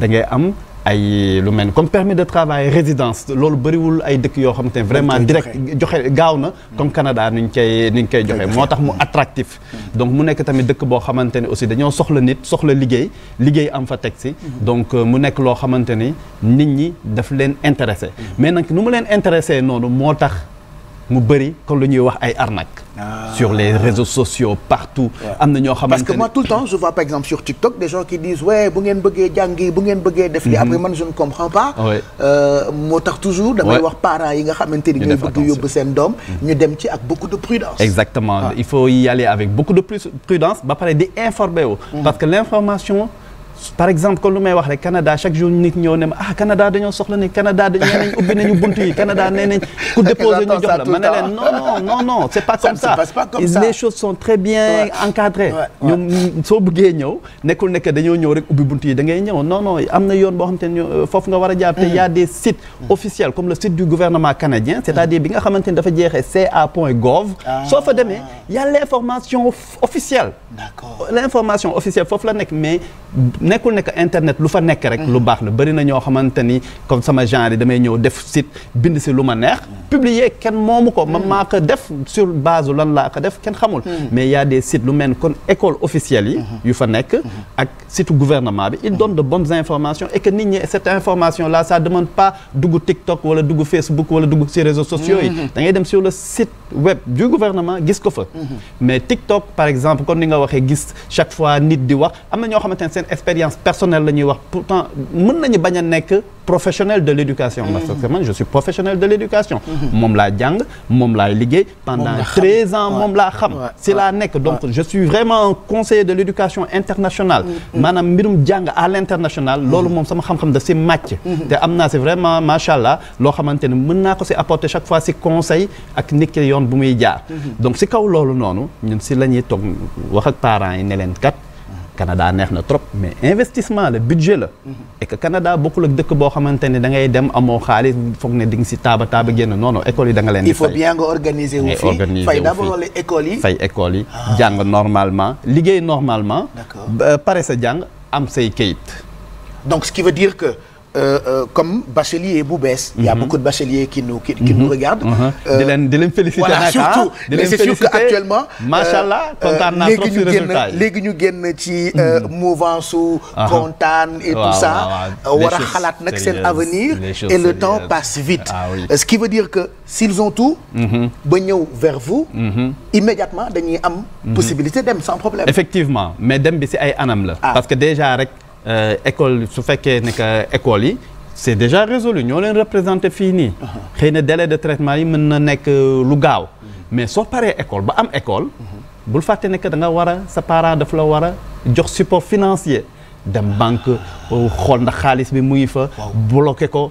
da am. ay lu mel ni comme permis de travail résidence loolu bëriwul ay dëkk yoo xam te vraiment direct joxe gaaw na comme Canada ni ñu koy ni ñu koy joxe moo tax mu attractif donc mu nekk tamit dëkk boo xamante ni aussi dañoo soxla nit soxla liggéey liggéey am fa teg si mhm. donc euh, mu nekk loo xamante ni nit ñi daf leen intéressé mhm. mais nag nu ma leen intéressé noonu moo tax mu bëri kon lu ñuy wax ay arnaque ah. sur les réseaux sociaux partout am na ñoo xamante parce tout le temps je vois par exemple sur TikTok des gens qui disent ouais bu ngeen bëggee jàngi bu ngeen bëggee def li mhm. après man je ne comprends euh, moo tax toujours damay wax parents yi nga xamante ni ñooy bëgg yóbbu seen doom mhm. ñu dem ci ak beaucoup de prudence exactement ah. il faut y aller avec beaucoup de prudence ba pare di informer wu mhm. parce que l'information par exemple kon lu may wax rek Canada chaque jour nit ñëw ne ma ah Canada dañoo soxla ne Canada dañ nee nañ ubbi nañu buntu yi Canada nee nañ ku déposer ñu jox la ma ne leen non non c'est pas comme ça les choses soo bëggee ñëw nekkul nekk dañoo ñëw rek ubbi buntu yi da ngay ñëw non non am na yoon boo xam te ne euh, foofu nga war a jaar te y a des sites hmm. officiels comme le site du gouvernement canadien c'est-à-dire bi nga xamante ni ah. la nekk nekkul nekk internet lu fa nekk rek lu baax la bëri na ñoo xamante ni sama genre yi damay ñëw def site bind si lu ma neex publier kenn moomu ko ma maa ko def sur base lan laa ko def kenn xamul hmm. mais y a des sites lu mel ni kon école officielle yi hmm. yu fa nekk hmm. ak site gouvernement bi il donne de bonnes informations et que nit ñi cette information là ça demande pas dugg TikTok wala dugg Facebook wala dugg si réseaux sociaux yi da ngay dem sur le site web du gouvernement ni nga expérience personnelle la ñuy wax pourtant mën nañu bañ a nekk professionnel de l'éducation parce que man je suis professionnel de l'éducation mhm. moom laa jàng moom laay liggéey pendant treize moom laa xam si laa nekk donc je vraiment un conseiller de l'éducation internationale mhm. Mhm. maanaam mbirum jàng à l'international loolu moom sama xam-xam da si màcc te am naa si vraiment macha allah loo xamante ne mën naa ko si apporter chaque fois si conseil ak nit yoon bu muy jaar donc si kaw loolu noonu si la ñuy toog Canada neex na trop mais investissement la budget la. Mhm. et que Canada bokkul ak dëkk boo xamante ne da ngay dem amoo xaalis foog ne di nga si taaba taaba mhm. génn non non yi da leen di. fay eh, d'abord yi. fay écoles yi ah. jàng normalement liggéey normalement. d'accord pare sa jàng am say kayit. Euh, euh, comme bachelier bu bees. y' a mhm. beaucoup de bacheliers qui nous qui, qui nous mhm. regardent. Mhm. Euh, di féliciter voilà surtout mais c'est sûr que actuellement. macha allah kontaan naa léegi ñu génn léegi ñu su. kontaan et tout ça. war a xalaat nag seen avenir. et le temps passe vite. Ah ce qui veut dire que s'ils ont tout. ba ñëw vers vous. immédiatement dañuy am. possibilité dem sans problème. effectivement mais dem bi si ay anam la. Ah. parce que déjà rek. Euh, école su fekkee ne que école yi c'est déjà résolu ñoo leen représenté fii nii xëy na délai de traitement yi mën na nekk euh, lu gaaw mhm. mais soo paree école ba am école mhm. bul fàtte ne que da war a sa parant dafa la war jox support financier dem banque euh, xool ndax xaalis bi mu ngi fa. bloqué ko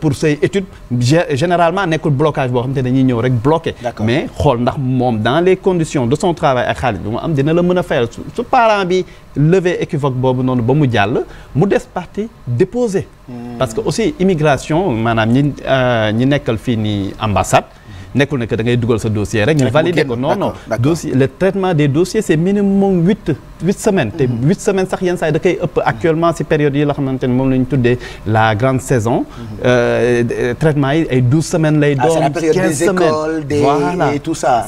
pour say études. généralement nekkul blocage boo xam te dañuy ñëw rek bloqué. mais xool ndax moom dans les conditions de son travail ak xaalis bi mu am dina la mën a fayal su parent bi levé équivoque boobu noonu ba mu jàll mu des parti déposé. Hmm. parce que aussi immigration maanaam ñi euh, ñi nekkal fii nii ambassade. nekkul ne que da ngay dugal sa dossier rek ñu valider ko non non dossier le traitement des dossiers c'est minimum huit huit semaines te mhm. huit semaines sax yenn saa da koy ëpp actuellement si période yi la xamante moom la ñu tuddee la grande saison mhm. euh, traitement yi ay douze semaines lay ah, doon quinze semaines voilà tout ça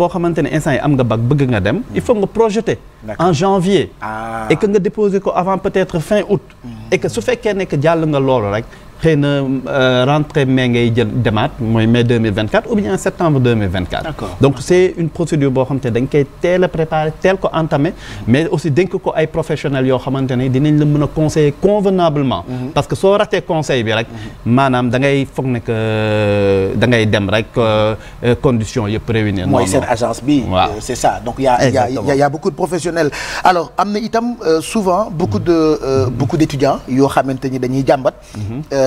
boo xamante ne instant yi am nga bag bëgg nga dem il faut nga projeter en janvier ah. et nga déposer ko avant peut-être fin août mhm. et que su fekkee ne que nga loolu rek xëy na euh, rentrée mai ngay jël demaat mooy mais 2024 ou bien septembre 2024. d'accord donc c'est une procédure boo xam te dañ koy teel a ko entamer. mais aussi dénk ko ay professionnels yoo xamante ne dinañ la mën a conseiller convenablement. Mhm. parce que soo ratee conseil bi rek. Mhm. maanaam da ngay foog ne euh, da ngay dem rek euh, conditions yëpp réunir. mooy seen agence bi. waaw ça donc a a y a alors am na itam souvent beaucoup de mhm. beaucoup d'étudiants yoo xamante ni dañuy jàmbat.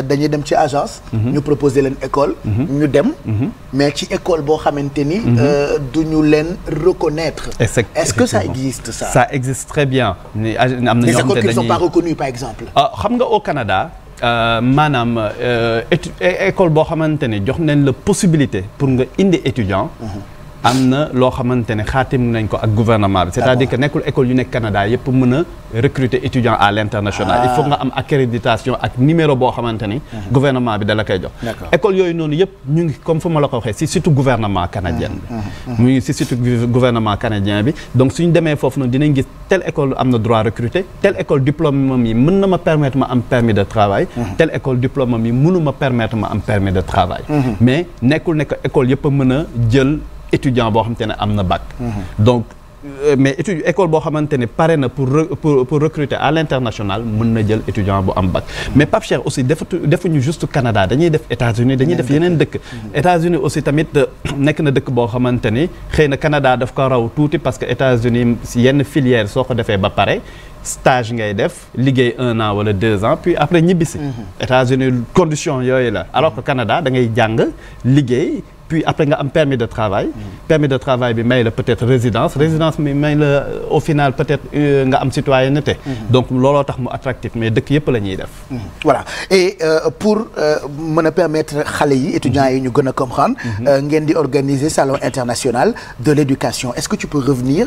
dañuy dem ci agence. Mhm. ñu proposer leen école. Mhm. ñu dem. Mhm. mais ci école boo xamante ni. Euh, du ñu leen reconnaître. est-ce que ça existe ça. ça existe très bien. am na ñoo xamante ne sont pas reconnus par exemple. ah xam nga au Canada. Euh, maanaam euh, école boo xamante ne jox nañ la possibilité pour nga indi étudiant. Mm am na loo xamante ne xaatim nañ ko ak gouvernement bi c'est-à-dire que nekkul école yu nekk Canada yëpp mën a recruter étudiant à ah. ak numéro boo xamante ni mhm. gouvernement bi da la koy jox école yooyu noonu yëpp ñu ngi comme fu ma la ko waxee si surtout gouvernement canadien bi mhm. mhm. mu ngi suñu demee foofu noonu dinañ gis telle école am na droit recruter telle école diplôme am yi mën na ma permettre ma am permis de travail telle école diplôme am yi mënu ma permettre ma am permis étudiant boo xamante ne am na bac. Mhm. donc euh, mais étude école boo xamante ne pare na pour pour pour recruter à l'international mën na jël étudiant bu am bac. Mhm. mais Pape Cheikh aussi defatu defuñu juste Canada dañuy def États-Unis dañuy def yeneen dëkk. Mhm. États-Unis aussi tamit euh, nekk na dëkk boo xamante ni xëy na Canada daf ko raw tuuti parce que États-Unis yenn filière soo ko defee ba pare. stage ngay def liggéey un an wala deux ans puis après ñibbisi. États-Unis condition yooyu la alors que da ngay jàng liggéey puis après nga am permis de travail. Mm. permis de travail bi may la peut-être résidence mm. résidence bi may la euh, au final peut-être euh, nga am citoyenneté. Mm. donc looloo tax mu attractif mais dëkk yëpp lañuy def. voilà et euh, pour mën a permettre xale yi étudiants yi ñu gën a comprendre. Mm-hmm. ngeen di organiser salon international de l'éducation est-ce que tu peux revenir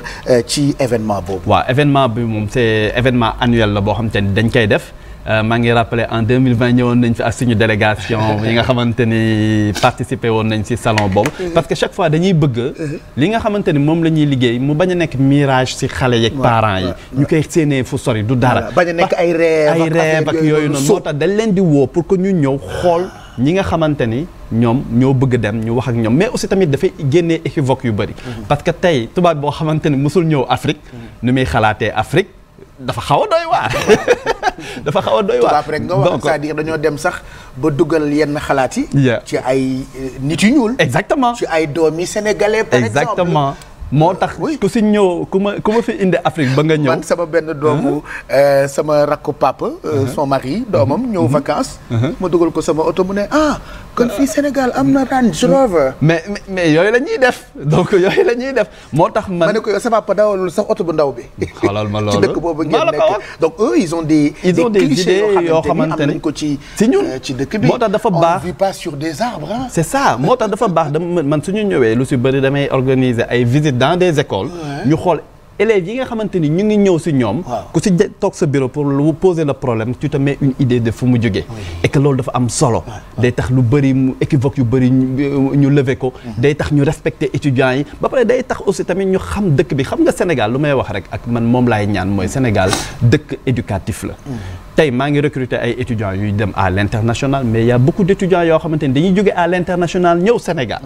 ci événement boobu. waa événement bi moom c'est événement annuel la boo xamante ni dañ koy def. Euh, maa ngi rappelé en 2020 ñëwoon nañ fi ak suñu délégation yi nga xamante ni participé woon nañ si salon boobu mhm. parce que chaque fois dañuy bëgg mhm. li nga xamante ni moom la ñuy liggéey mu bañ a nekk mirage si xale yeeg parents yi ñu koy séenee fu sori du dara bañ a nekk ay rêve ay rêve ak yooyu noonu moo tax dañ leen di woo pour que ñu ñëw xool ñi nga xamante ni ñoom ñoo bëgg dem ñu wax ak ñoom mais aussi tamit dafay génnee équivoque yu bëri mhm. parce que tey tubaab boo xamante ni mosul ñëw Afrique nu muy xalaatee Afrique dafa xaw a doy waar. dafa xaw a doy waar tubaab rek nga wax cest à dañoo dem sax ba dugal yenn xalaat yi. ci ay euh, nit yu ñuul. exactement ci ay doomi sénégalais. par exemple exactement. moo tax ku si ñëw ku ma ku ma fi indi Afrique ba nga ñëw. man sama benn doomu euh, sama rakku papa. Euh, uh-huh. son mari doomam ñëw uh-huh. vacances. Uh-huh. ma dugal ko sama oto mu ne ah kon fii Sénégal am na Range Rover. mais mais yooyu la ñuy def donc yooyu la ñuy def moo tax man. ma ne ko yow sama papa dawalul sax oto bu ndaw bi. xoolal ma loolu ci dëkk boobu ngeen donc eux ils ont des. ils yoo xamante nañ ko ci. si ñun euh, ci dëkk moo tax dafa baax on vit pas des arbres ah. c'est ça moo tax dafa baax dama man su ñu ñëwee lu si bëri damay organiser ay visites dans des écoles ñu xool. élèves yi nga xamante ni ñu ngi ñëw si ñoom. ku si toog sa bureau pour lu poser la problème tu te mets une idée de fu mu jógee. et loolu dafa am solo. day tax lu bëri mu équivoque yu bëri ñu lever ko. Mm. day tax ñu respecter étudiants yi ba pare day tax aussi tamit ñu xam dëkk bi xam nga Sénégal lu may wax rek ak man moom laay ñaan mooy mm. Sénégal dëkk éducatif la. Mm. tey maa ngi recruter ay étudiants yuy dem à l' international mais y' a beaucoup d' étudiants yoo xamante ni dañuy jóge à ñëw Sénégal.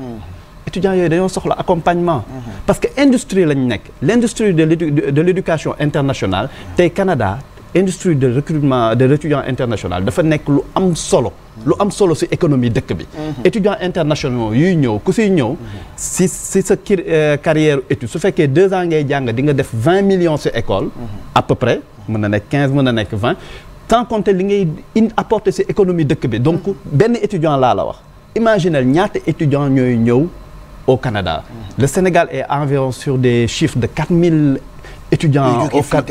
étudiants yooyu dañoo soxla accompagnement. parce que industrie lañu nekk l' industrie de l' de éducation internationale tey Canada. industrie de recrutement de l'étudiant international dafa nekk lu am solo lu am solo si économie dëkk bi étudiants internationaux yuy ñëw ku siy ñëw si si sa euh, carrière étude su fekkee deux ans ngay jàng di nga def vingt millions ci école à peu près mën na nekk quinze mën na nekk vingt sans compter li ngay in apporter si économie dëkk bi donc benn étudiant laa la wax imaginel ñaata étudiant ñooy ñëw au Canada. Le Sénégal est environ sur des chiffres de 4000 étudiants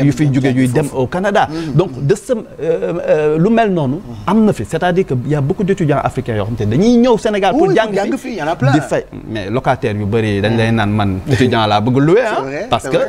yu fi jóge yuy dem au Canada mm-hmm. donc de sa euh, euh, lu mel noonu am na fi c'est-à-dire que y beaucoup d'étudiants africains yoo xam te dañuy ñëw Sénégal pour jàng fi di fay mais locataire yu bëri dañ lay mm-hmm. naan man étudiant laa bëgg louer ah parce que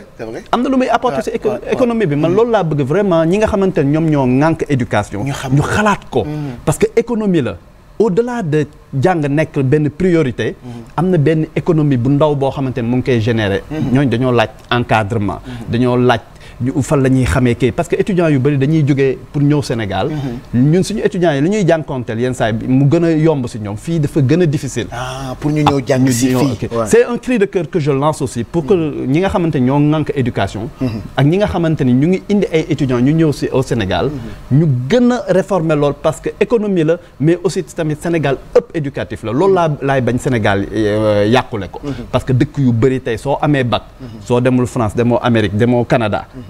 am na lu muy apporter ah, ah, ah. économie bi man mm-hmm. loolu laa bëgg vraiment ñi nga xamante ne ñoom ñoo ŋànk éducation ñu xalaat ko parce que économie la au-delà de jàng nekk benn priorité. Mhm. am na benn économie bu ndaw boo xamante ne mu ngi koy générer. Mhm. ñooñu dañoo laaj encadrement. Mhm. dañoo laaj. ñu fan xamee kay parce que étudiants yu bëri dañuy jógee pour ñëw Sénégal. Mhm. ñun suñu étudiants yi li ñuy jànkoonteel yenn saa yi mu gën a yomb si ñoom fii dafa gën a difficile. ah pour ñu ñëw jàng si ah, fii c'est un cri de cœur que je lance aussi pour que mhm. ñi nga xamante ñoo ŋànk éducation. Mhm. ak ñi nga xamante ñu ngi indi ay étudiants ñu ñëw si au Sénégal. ñu gën a réformer lool parce que économie la mais aussi tamit Sénégal ëpp éducatif la loolu laa laay bañ euh, yu bëri tey soo amee bac. soo demul France demoo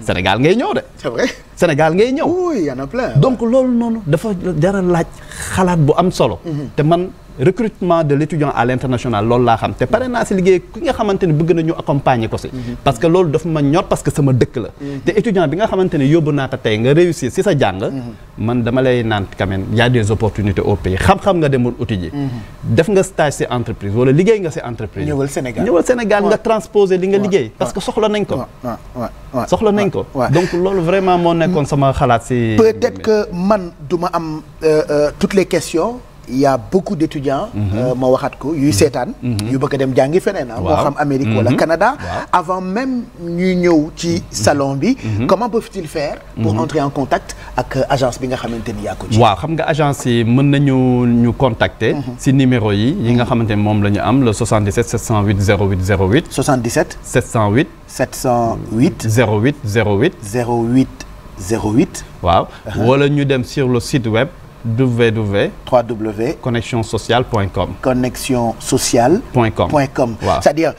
Sénégal ngay ñëw de. c'est vrai Sénégal ngay ñëw. oui y en a donc loolu noonu dafa jara laaj xalaat bu am solo. Mm-hmm. te man. recrutement de l' étudiant à l' international loolu laa xam te pare naa si liggéey ki nga xamante ne bëgg nañu accompagner ko si mhm. parce que loolu daf ma ñor parce que sama dëkk la mhm. te étudiant bi nga xamante ne yóbbu naa ko tey nga réussir si sa jàng mhm. man dama lay naan quand même y a des opportunités au xam-xam nga demoon uti ji def nga stage si entreprise wala liggéey nga si entreprise ñëwal Sénégal ñëwal Sénégal nga transposer li nga liggéey parce que soxla nañ ko soxla nañ ko donc loolu vraiment moo nekkoon mm. sama xalaat si peut-être que man duma am euh, euh, toutes les questions y a beaucoup d'étudiants mhm. euh, ma waxaat ko yu mhm. seetaan mhm. yu bëgg a dem jàngi feneen am ah, moo xam Amérique wala Canada avant même ñu ñëw ci salon bi comment peuvent-ils faire pour entrer en contact ak euh, agence bi nga xamante ni yaa ko xam nga agence yi mën nañu ñu contacter si numéro yi yi nga xamante ni moom la ñu am le 77 708 08 08 77 708 708 08 08 08 08 waaw uh-huh. wala ñu dem sur le site web www. 3W. connexion sociale point com. connexion sociale. point com point com. waaw c'est-à-dire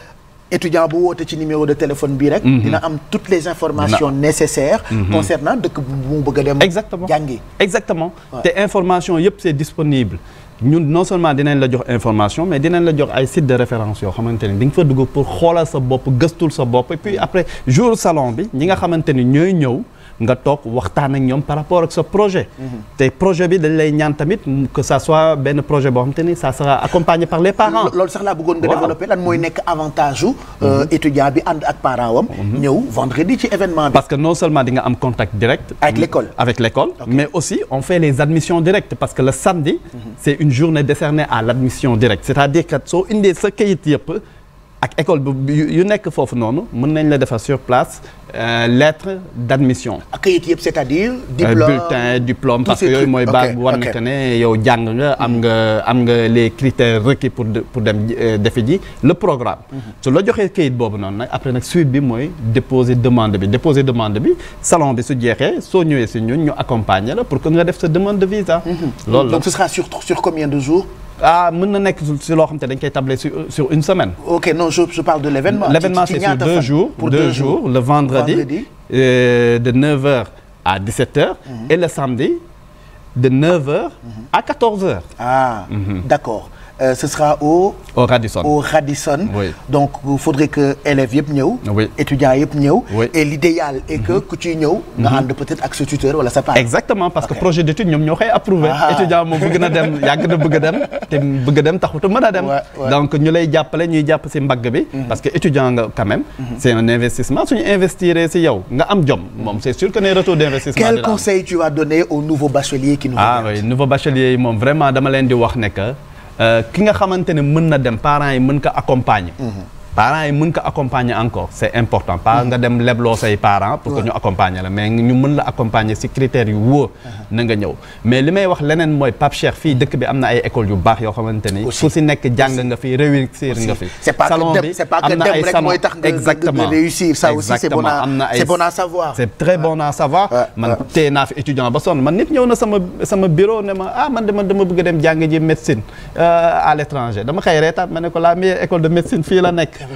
étudiant bu woote ci numéro de téléphone bi rek. Mhm. dina am toutes les informations nécessaires. Mhm. concernant dëkk bu mu bëgg dem. exactement jàngi exactement. te information yëpp c'est disponible. ñun non seulement dinañ la jox information mais dinañ la jox ay site de référence yoo xamante ni di nga fa dugg pour xoolal sa bopp gëstul sa bopp et puis après jour salon bi ñi nga xamante ni ñooy ñëw. nga toog waxtaan ak ñoom par rapport ak sa projet. te projet bi dañ lay ñaan tamit que ça soit benn projet boo xam te ni ça sera accompagné par les parents. loolu sax laa bëggoon nga développer lan mooy nekk avantage su. Euh, mhm. étudiant bi ak parent wam. Mhm. ñëw vendredi ci événement bi. parce que non seulement di nga contact direct. avec l'école mais aussi on fait les admissions directes parce que le samedi. Mhm. c'est une journée décernée à l'admission directe ak école bi yu nekk foofu noonu mën nañ la defar sur place euh, lettre d'admission. ak kayit yëpp c'est-à-dire. Euh, diplôme bulletin diplôme parce que yooyu mooy base bu war na que ne yow jàng nga am nga am nga les critères requis pour pour dem euh, defi ji le programme. Mhm. su la joxee kayit boobu noonu nag après nag suite bi mooy déposer demande bi déposer demande bi salon bi su jeexee soo ñëwee si ñu ñu accompagner la pour que nga def sa demande de visa. Mhm. loolu la donc ce sera sur sur combien de ah mën na nekk si loo xam te dañ koy tabler sur sur une semaine. ok non je je parle de l'événement. l'événement c'est sur deux jours. le vendredi. Euh, de 9h à 17h. Mhm. et le samedi de 9h mhm. à 14h. ah mhm. d'accord. Euh, ce sera au. au Radisson au donc il faudrait que élèves yëpp ñëw. oui étudiants yëpp ñëw. Oui. et l'idéal est que mhm. ku ciy ñëw. nga mhm. ànd peut-être ak sa tuteur wala sa exactement parce que projet d'étude ñoom ñoo koy approuvé. Ah. étudiant moom bëgg na dem yàgg na bëgg a dem te bëgg a dem taxut mën a dem. donc ñu lay jàppale ñuy jàpp si mbagg bi. Mhm. parce que étudiant nga quand même. c'est un investissement suñu investir si yow nga am jom moom c'est sûr que ne retour d'investissement. quel conseil tu ah moom vraiment dama leen di wax ne Euh, ki nga xamante ne mën na dem parents yi mën ka accompagner. Mm-hmm. parents yi mën ko accompagner encore c' est important pas nga dem lebloo say parents pour que ñu accompagner la mais ñu mën la accompagner si critères yu wóor uh-huh. na nga ñëw mais li may wax leneen mooy Pape Cheikh fii dëkk bi am na ay école yu baax yoo xamante ni ku si nekk jàng nga fi réussir nga fi salon bi am na ay salon exactement exactement na ay c' est très bon à man tee naa ma ah dem jàng ji médecine euh, à l' étranger dama xëy reetaat ma ne ko la école de médecine fii la nekk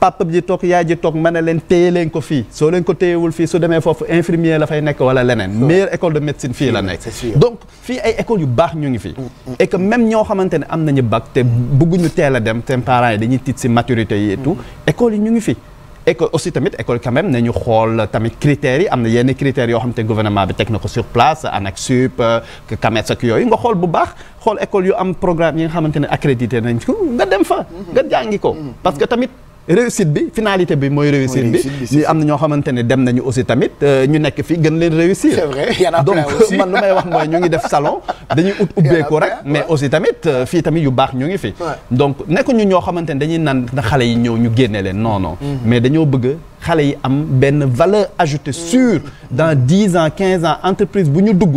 papa ji toog yaay ji toog mën a leen téye leen ko fii soo leen ko téyewul fii su demee foofu infirmier la fay nekk wala leneen meilleure école de médecine fii la nekk donc fii ay écoles yu baax ñu ngi fii mm, mm. et même ñoo xamante ne am nañu bac te bëgguñu teel a dem seen parents yi dañuy tiit si maturité yi et tout mm. yi ñu ngi fi. école aussi tamit école quand même nañu xool tamit critères yi am na yenn critères yoo xam te gouvernement bi teg na ko sur place ANAQ-Sup CAMES ak yooyu nga xool bu baax xool école yu am programme yi nga xamante ne accrédité nañ ko nga dem fa nga jàngi ko mm-hmm. parce que tamit réussite bi finalité bi mooy réussite bi ñu am na ñoo xamante ne dem nañu aussi tamit euh, ñu nekk fi gën leen réussir c'est vrai donc man lu may wax mooy ñu ngi def salon dañuy ut ubbeeku rek mais aussi tamit euh, fii tamit yu baax ñu ngi fi donc nekk ñu ñoo xamante ne dañuy naan na xale yi ñëw ñu génne leen non non mm-hmm. mais dañoo bëgg xale yi am benn valeur ajoutée sûre dans dix ans quinze ans entreprise bu ñu dugg.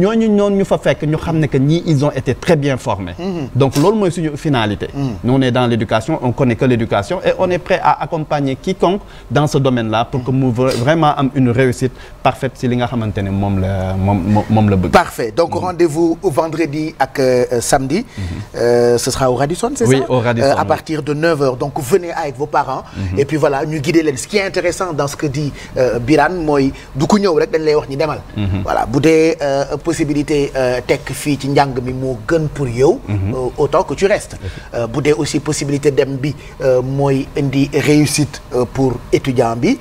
ñooñu ñoon ñu fa fekk ñu xam ne que ñii ils ont été très bien formés. donc loolu mooy suñu finalité. nous on est dans l'éducation on connaît que l'éducation et on est prêt à accompagner quiconque dans ce domaine-là pour que mu vraiment am une réussite parfaite si li nga xamante ne moom la moom moom la bëgg. parfait donc mm-hmm. rendez-vous vendredi ak euh, euh, samedi. Mm-hmm. Euh, ce sera au Radisson c'est ça. oui au Radisson à partir de neuf heures donc venez avec vos parents. Mm-hmm. qui est intéressant dans ce que dit euh, Birane mooy du ko ñëw rek dañ lay wax ñi demal mhm. voilà bu dee euh, possibilité euh, tekk fii ci njàng mi moo gën pour yow mhm. autant que tu restes bu dee aussi possibilité dem bi mooy indi réussite pour étudiant bi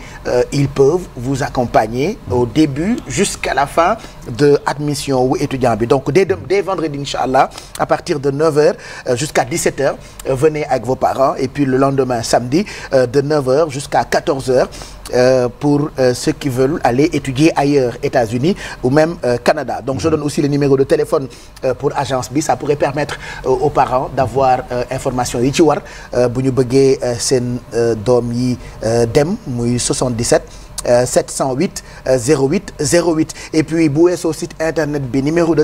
ils peuvent vous accompagner au début jusqu'à la fin de admission wu étudiant bi donc dès dès vendredi incha allah à partir de 9h jusqu'à 17h venez avec vos parents et puis le lendemain samedi de 9h jusqu'à 14 heures euh, pour euh, ceux qui veulent aller étudier ailleurs états même euh, Canada donc je aussi le numéro euh, pour agence bi ça pourrait permettre euh, aux parents d'avoir information yi ci war bu ñu bëggee seen doom yi dem muy 77 708 08 08 et puis bu weesoo site internet bi numéro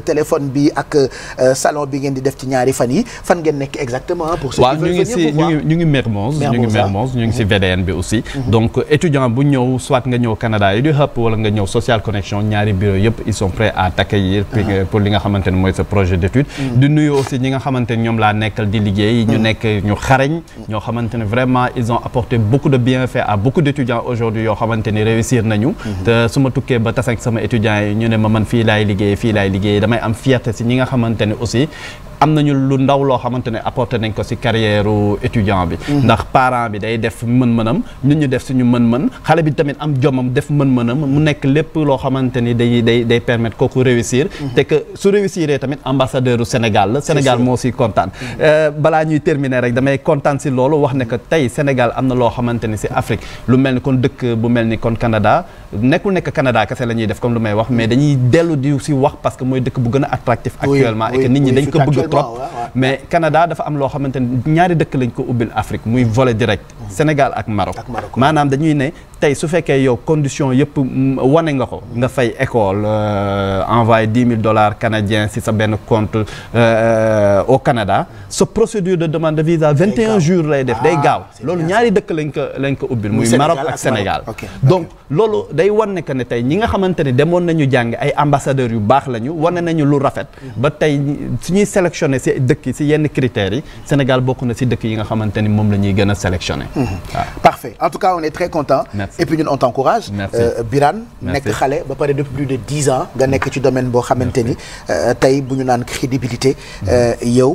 ñëw soit nga ñëw Canada EduHub wala nga ñëw Social Connection ñaari bureau yëpp ils sont prêts à t'accueillir. pour ah. li nga xamante mooy sa projet d'étude. Mhm. di nuyu aussi ñi nga xamante ñoom laa nekkal di liggéey. Mhm. ñu nekk ñu xarañ. Mhm. ñoo xamante vraiment ils ont apporté beaucoup de bienfaits à beaucoup d'étudiants aujourd'hui yoo xamante réussir nañu mhm. te su ma tukkee ba tas sama étudiants yi ñu ne ma man fii laay liggéey fii laay liggéey damay am fierté si ñi nga xamante ne aussi am nañu lu ndaw loo xamante ne apporté nañ ko ci carrière étudiant bi mhm. ndax parent bi day def mën-mënam ñun ñu def suñu mën-mën xale bi tamit am jomam def mën-mënam mu nekk lépp loo xamante ni day day day permettre kooku réussir mhm. te que su réussiree tamit ambassadeur u Sénégal la Sénégal moo si kontaan euh, balaa ñuy terminer rek damay kontaan ci loolu wax ne que tey Sénégal am na loo xamante ni ci Afrique lu mel ni kon dëkk bu mel ni kon Canada nekkul nekk Canada kese la lu may wax mais dañuy dellu di ci wax a attractif actuellement et que nit ñi trop mais Canada dafa am loo xamante ne ñaari dëkk lañ ko ubbil Afrique muy vole direct mm-hmm. Sénégal ak Maroc maanaam dañuy ne tey su fekkee yow condition yëpp mm, wane nga ko nga fay école euh, envoyé dix mille dollars canadiens si sa benn compte euh, euh, au Canada sa procédure de demande de visa vingt et un lay def day ah, gaaw loolu ñaari dëkk lañ ko lañ ko ubbil muy Maroc ak Sénégal donc loolu day wane que ne tey ñi nga xamante ne demoon nañu jàng ay ambassadeurs yu baax lañu wane nañu lu rafet ba tey su ñuy sélectionné si dëkk si yenn critères yi Sénégal bokk na si dëkk yi nga xamante ni moom la ñuy gën a et on ñun on t'encourage euh, Birane nekk xale ba pare depuis plus de dix ans nga nekk ci domaine boo xamante ni euh, tey bu ñu naan crédibilité mm-hmm. euh, yow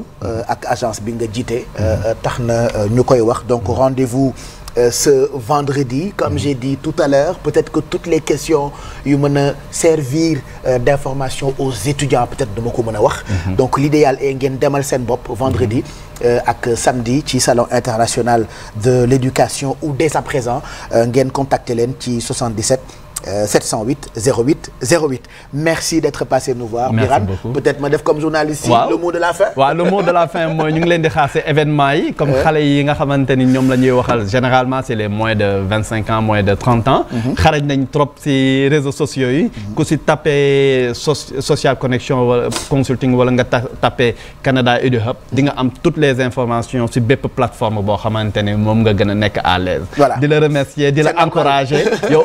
ak agence bi nga jiite mm-hmm. tax na ñu koy wax donc mm-hmm. rendez-vous Euh, ce vendredi comme mmh. j'ai dit tout à l'heure peut-être que toutes les questions yu mën a servir euh, d'information aux étudiants peut-être dama ko mën a wax mhm. donc l'idéal est ngeen demal seen bopp vendredi mhm. euh, ak samedi ci salon international de l'éducation ou dès à présent euh, ngeen contacter leen ci 77 Euh, merci d'être passé nous merci Birane. beaucoup peut ma def comme journaliste. waaw le mot de la fin. waaw mooy ñu ngi leen di xaar si événement yi. comme xale yi nga xamante ni ñoom la waxal généralement c'est les moins de ans moins de mhm. trop si réseaux sociaux yi. Mhm. ku si social connexion wala consulting wala nga tapé Canada EduHub. di nga am toutes les informations si bépp plateforme boo xamante ni moom nga gën a nekk à l'aise. voilà di la remercier di la encourager yow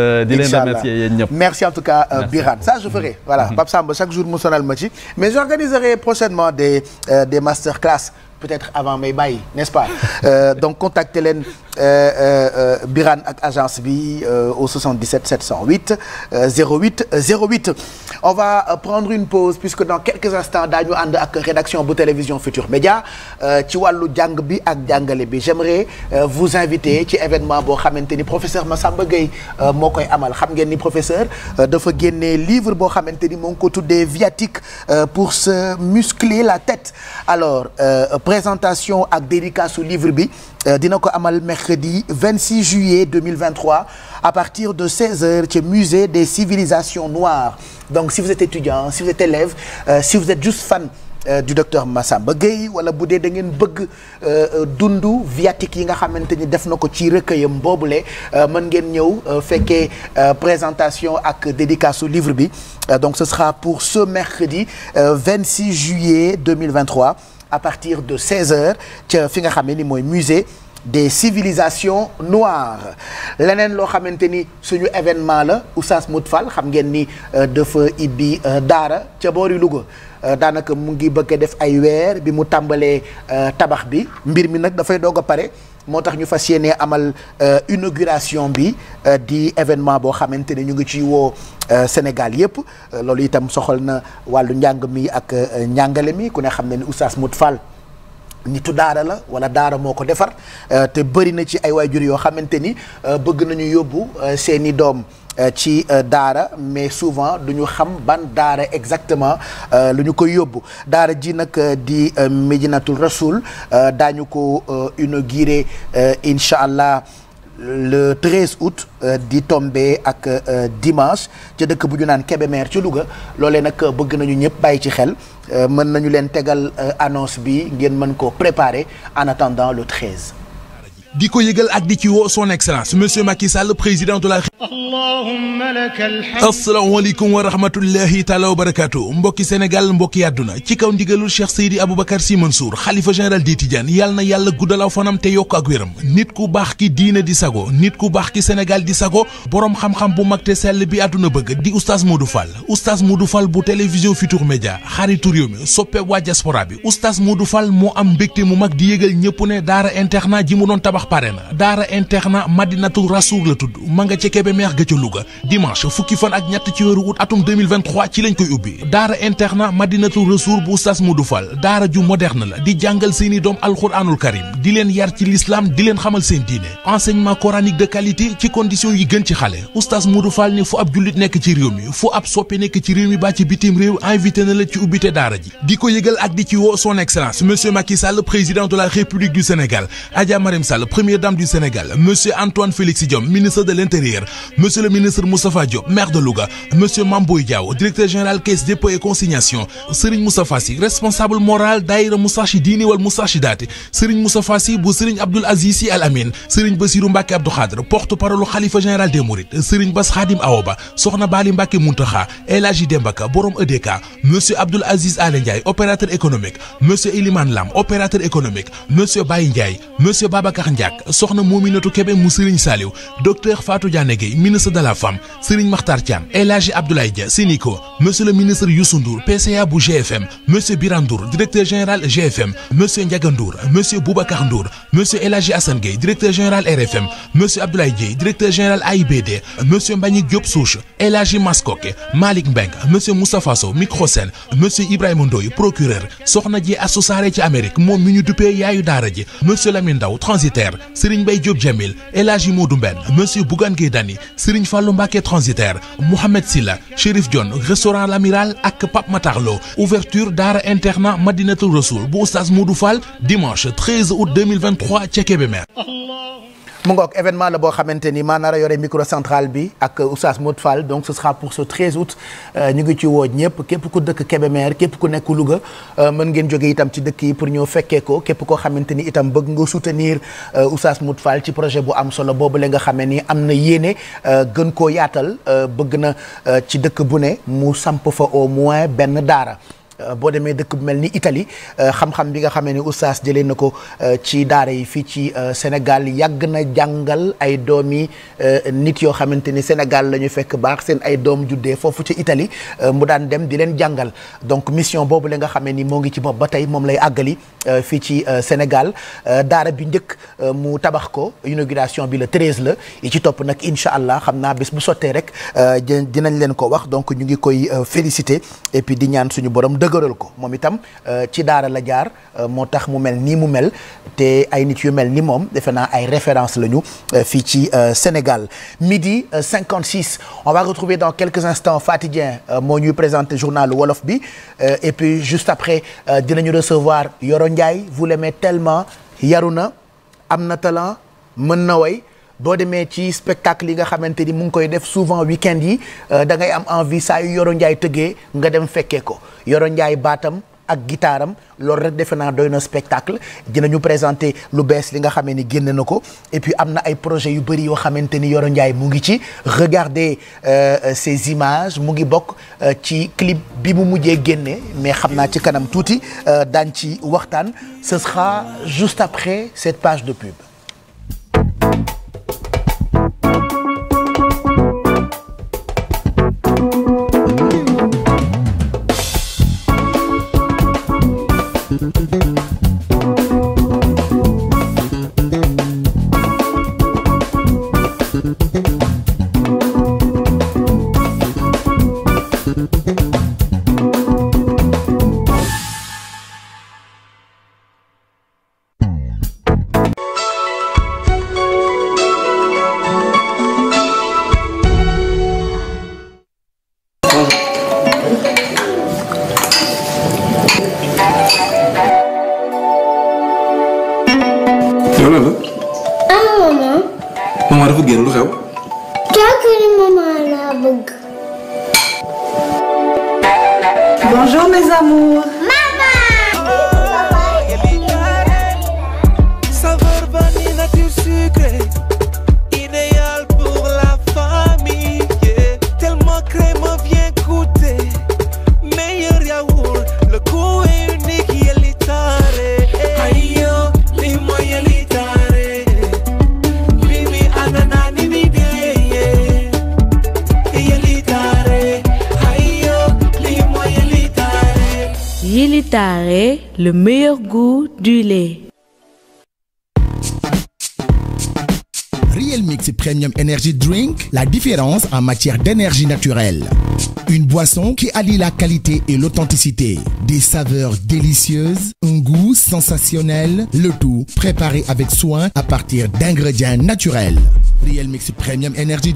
Euh, di leen remercier yéen ñëpp merci en tout cas euh, Birane ça je ferai voilà mhm. Pape Samba chaque jour mu sonal ma ci mais j'organiserai prochainement des euh, des masterclass peut-être avant may bàyyi n'est-ce pas euh, donc contacter leen euh, euh, euh ak agence bi euh, au 77 708 08 08 on va prendre une pause puisque dans quelques instants daañu ànd ak rédaction bu télévision Futur Média ci wàllu jàng bi ak jàngale bi j'aimerais vous inviter ci événement boo xamante ni professeur Massamba Gueye moo koy amal xam ngeen ni professeur dafa génnee livre boo xamante ni moo ngi ko tuddee viatique pour se muscler la tête alors présentation ak dédicace su livre bi euh, dina ko amal mercredi 26 juillet 2023 à partir de 16h ci musée des civilisations noires donc si vous êtes étudiant si vous êtes élève euh, si vous fan Euh, du docteur wala bu dee da ngeen bëgg euh, dundu viatique yi nga xamante ni def na ko ci recueillam boobule euh, ngeen ñëw euh, fekkee euh, présentation ak dédicace livre bi donc ce sera pour ce mercredi 26 juillet 2023 à partir de 16h ca fi nga xam ni mooy musée des civilisations noires leneen loo xamante ni suñu événement la Oustaz Modou fal xam ngeen ni euh, dafa ibi euh, daara ca boori Louga euh, daanaka mu ngi bëgg a def ay weer bi mu tàmbalee tabax bi mbir mi nag dafay doog a pare. moo tax ñu fas yéene amal euh, inauguration bi euh, di événement boo xamante ne ñu ngi ci woo euh, Sénégal yëpp loolu itam soxal na wàllu njàng mi ak njàngale mi ku ne xam ne ni Oustaz Mout Fall nitu daara la wala daara moo ko defar te bëri na ci ay waajur yoo xamante ni bëgg nañu yóbbu seeni doom Euh, ci euh, daara mais souvent du ñu xam ban daara exactement euh, lu ñu koy yóbbu daara ji nag di Médinatul Rasoul daañu ko inauguré incha allah le août di tombé ak dimanche ca dëkk bu ñu naan Kébémer ci Louga loolee nag bëgg nañu ñëpp bàyyi ci xel mën nañu leen tegal annonce bi ngeen mën ko préparer en attendant le 13. di ko yëgal ak di ci woo son excellence monsieur Macky Sall président de la asalaamaaleykum wa rahmatullahi taala wa barakaatu mbokki sénégal mbokki àdduna ci kaw ndigalul cheikh seydi aboubacar si mansour xalifa général di tijaan yàlla na yàlla guddalaw fanam te yokk ak wéram nit ku baax ki diine di sago nit ku baax ki senegal di sago boroom xam-xam bu mag te sell bi àdduna bëgg di du modou fall mu du fall bu télévision futur média xaritu réew mi soppe waa diaspora bi oustaz modou fall moo am mbégte mu mag di yëgal ñëpp ne tabax pare na daara internat madinatul rasoul la tudd ma nga ca Kébémer ga ca Louga dimanche fukki fan ak ñett ci weeru août atum 2023 ci lañ koy ubbi daara internat madinatul rasoul bu sas Modou daara ju moderne la di jàngal seeni doom alxuraanul karim di leen yar ci l'islam di leen xamal seen diine enseignement coranique de qualité ci condition yi gën ci xale oustaz Modou Fall fu ab jullit nekk ci réew mi fu ab soppe nekk ci réew mi ba ci bitim réew invité na la première dame du Sénégal monsieur Antoine Félix Diome ministre de l'intérieur monsieur le ministre Moustapha Diop maire de Louga monsieur Mame Boye Diao directeur général caisse dépôt et consignation Serigne Moustapha Sy responsable moral daayira Moustarchidine wal Moustarchidaty Serigne Moustapha Sy bu Serigne Abdoul Al Amine Serigne Bassirou Mbacké Abdou porte-parole xalifa général des Mourides Serigne Bass Khadim Awoba Soxna Bali Mbacké Mountakha El Hadji Demba borom EDK monsieur Diack soxna Mominatou Kébé mu Serigne Saliou docteur Fatou Diané Gueye ministre de la femme Serigne Makhtar El Hadji Abdoulaye Dia Sénico ministre Youssou PCA bu GFM monsieur Biram Ndour directeur général GFM monsieur Ndiaga Ndour monsieur Boubacar Ndour monsieur El Hadji Assane Gueye directeur général RFM monsieur Abdoulaye Dieye directeur général AIBD monsieur Mbagnick Diop Souche El Hadji Maskoke Malick Mbeng monsieur Moustapha Sow Microsen monsieur Ibrahima Ndoye procureur soxna ji Assou ci Amérique moom mi ñu duppee yaayu daara ji monsieur Lamine Ndaw transitaire Serigne Mbaye Diop Jamil El Hadji Modou Mbène Monsieur Bougane Gueye Dany Serigne Fallou Mbacké transitaire Mouhamed Silla Chérif Dione restaurant l'amiral ak Pape Matar Lo ouverture daara internat Madinatul Rasoul bu Oustaz Modou Fall dimanche 13 août 2023 ca Kébémer mu ngoog événement la boo xamante ni maanara nar a yore microcentrale bi ak Oustaz Modou Fall donc ce sera pour ce 13 août euh, ñu ngi ci woo ñëpp képp ku dëkk Kébémer képp ku nekk Louga euh, mën ngeen jóge itam ci dëkk yi pour ñëw fekkee ko képp koo xamante ni itam bëgg nga soutenir euh, Oustaz Modou ci projet bu am solo boobu la nga xamee ni am na yéene gën koo yaatal bëgg na ci dëkk bu ne mu samp fa au moins benn daara Euh, boo demee dëkk bu mel ni Italie euh, xam-xam bi nga xamee ni oustaz jëlee na ko euh, ci daara yi fii ci Sénégal yàgg na jàngal ay doom yi nit yoo xamante ni Sénégal la ñu fekk baax seen ay doom juddee foofu ci itali mu daan dem di leen jàngal donc mission boobu la nga xamee ni moo ngi ci bopp ba tey moom lay àggali fii ci Sénégal daara bi njëkk mu tabax ko inauguration bi la 13 la yi ci topp nag incha allah xam naa bis bu sottee rek dinañ leen ko wax donc ñu ngi koy féliciter dëgëral ko moom itam euh, ci daara la jaar euh, moo tax mu mel nii mu mel te ay nit yu mel ni moom defe naa ay référence la ñu euh, fii ci Sénégal midi 56 on va retrouver dans quelques instants Fatidien moo ñuy présenté journal wolof bi et puis juste après dinañu recevoir Yoro Ndiaye vous l'aimez tellement yaru na am na talent mën na way boo demee ci spectacle yi nga xamante ni mu ngi koy def souvent week-end yi euh, da ngay am envie saa yu Yoro Ndiaye tëggee nga dem fekkee ko Yoro Ndiaye baatam ak gitaaram loolu rek defe naa doy na spectacle ñu présenter lu bees li nga xamee ni génn na ko et puis am na ay projet yu bëri yoo xamante ni Yoro Ndiaye mu ngi ci regardez ces euh, images mu ngi bokk euh, ci clip bi mu mujjee génne mais xam naa ci kanam tuuti daan ci waxtaan ce sera juste après cette page de pub la différence en matière d'énergie naturelle. Une boisson qui allie la qualité et l'authenticité, des saveurs délicieuses, un goût sensationnel, le tout préparé avec soin à partir d'ingrédients naturels. Real Mix Premium Energy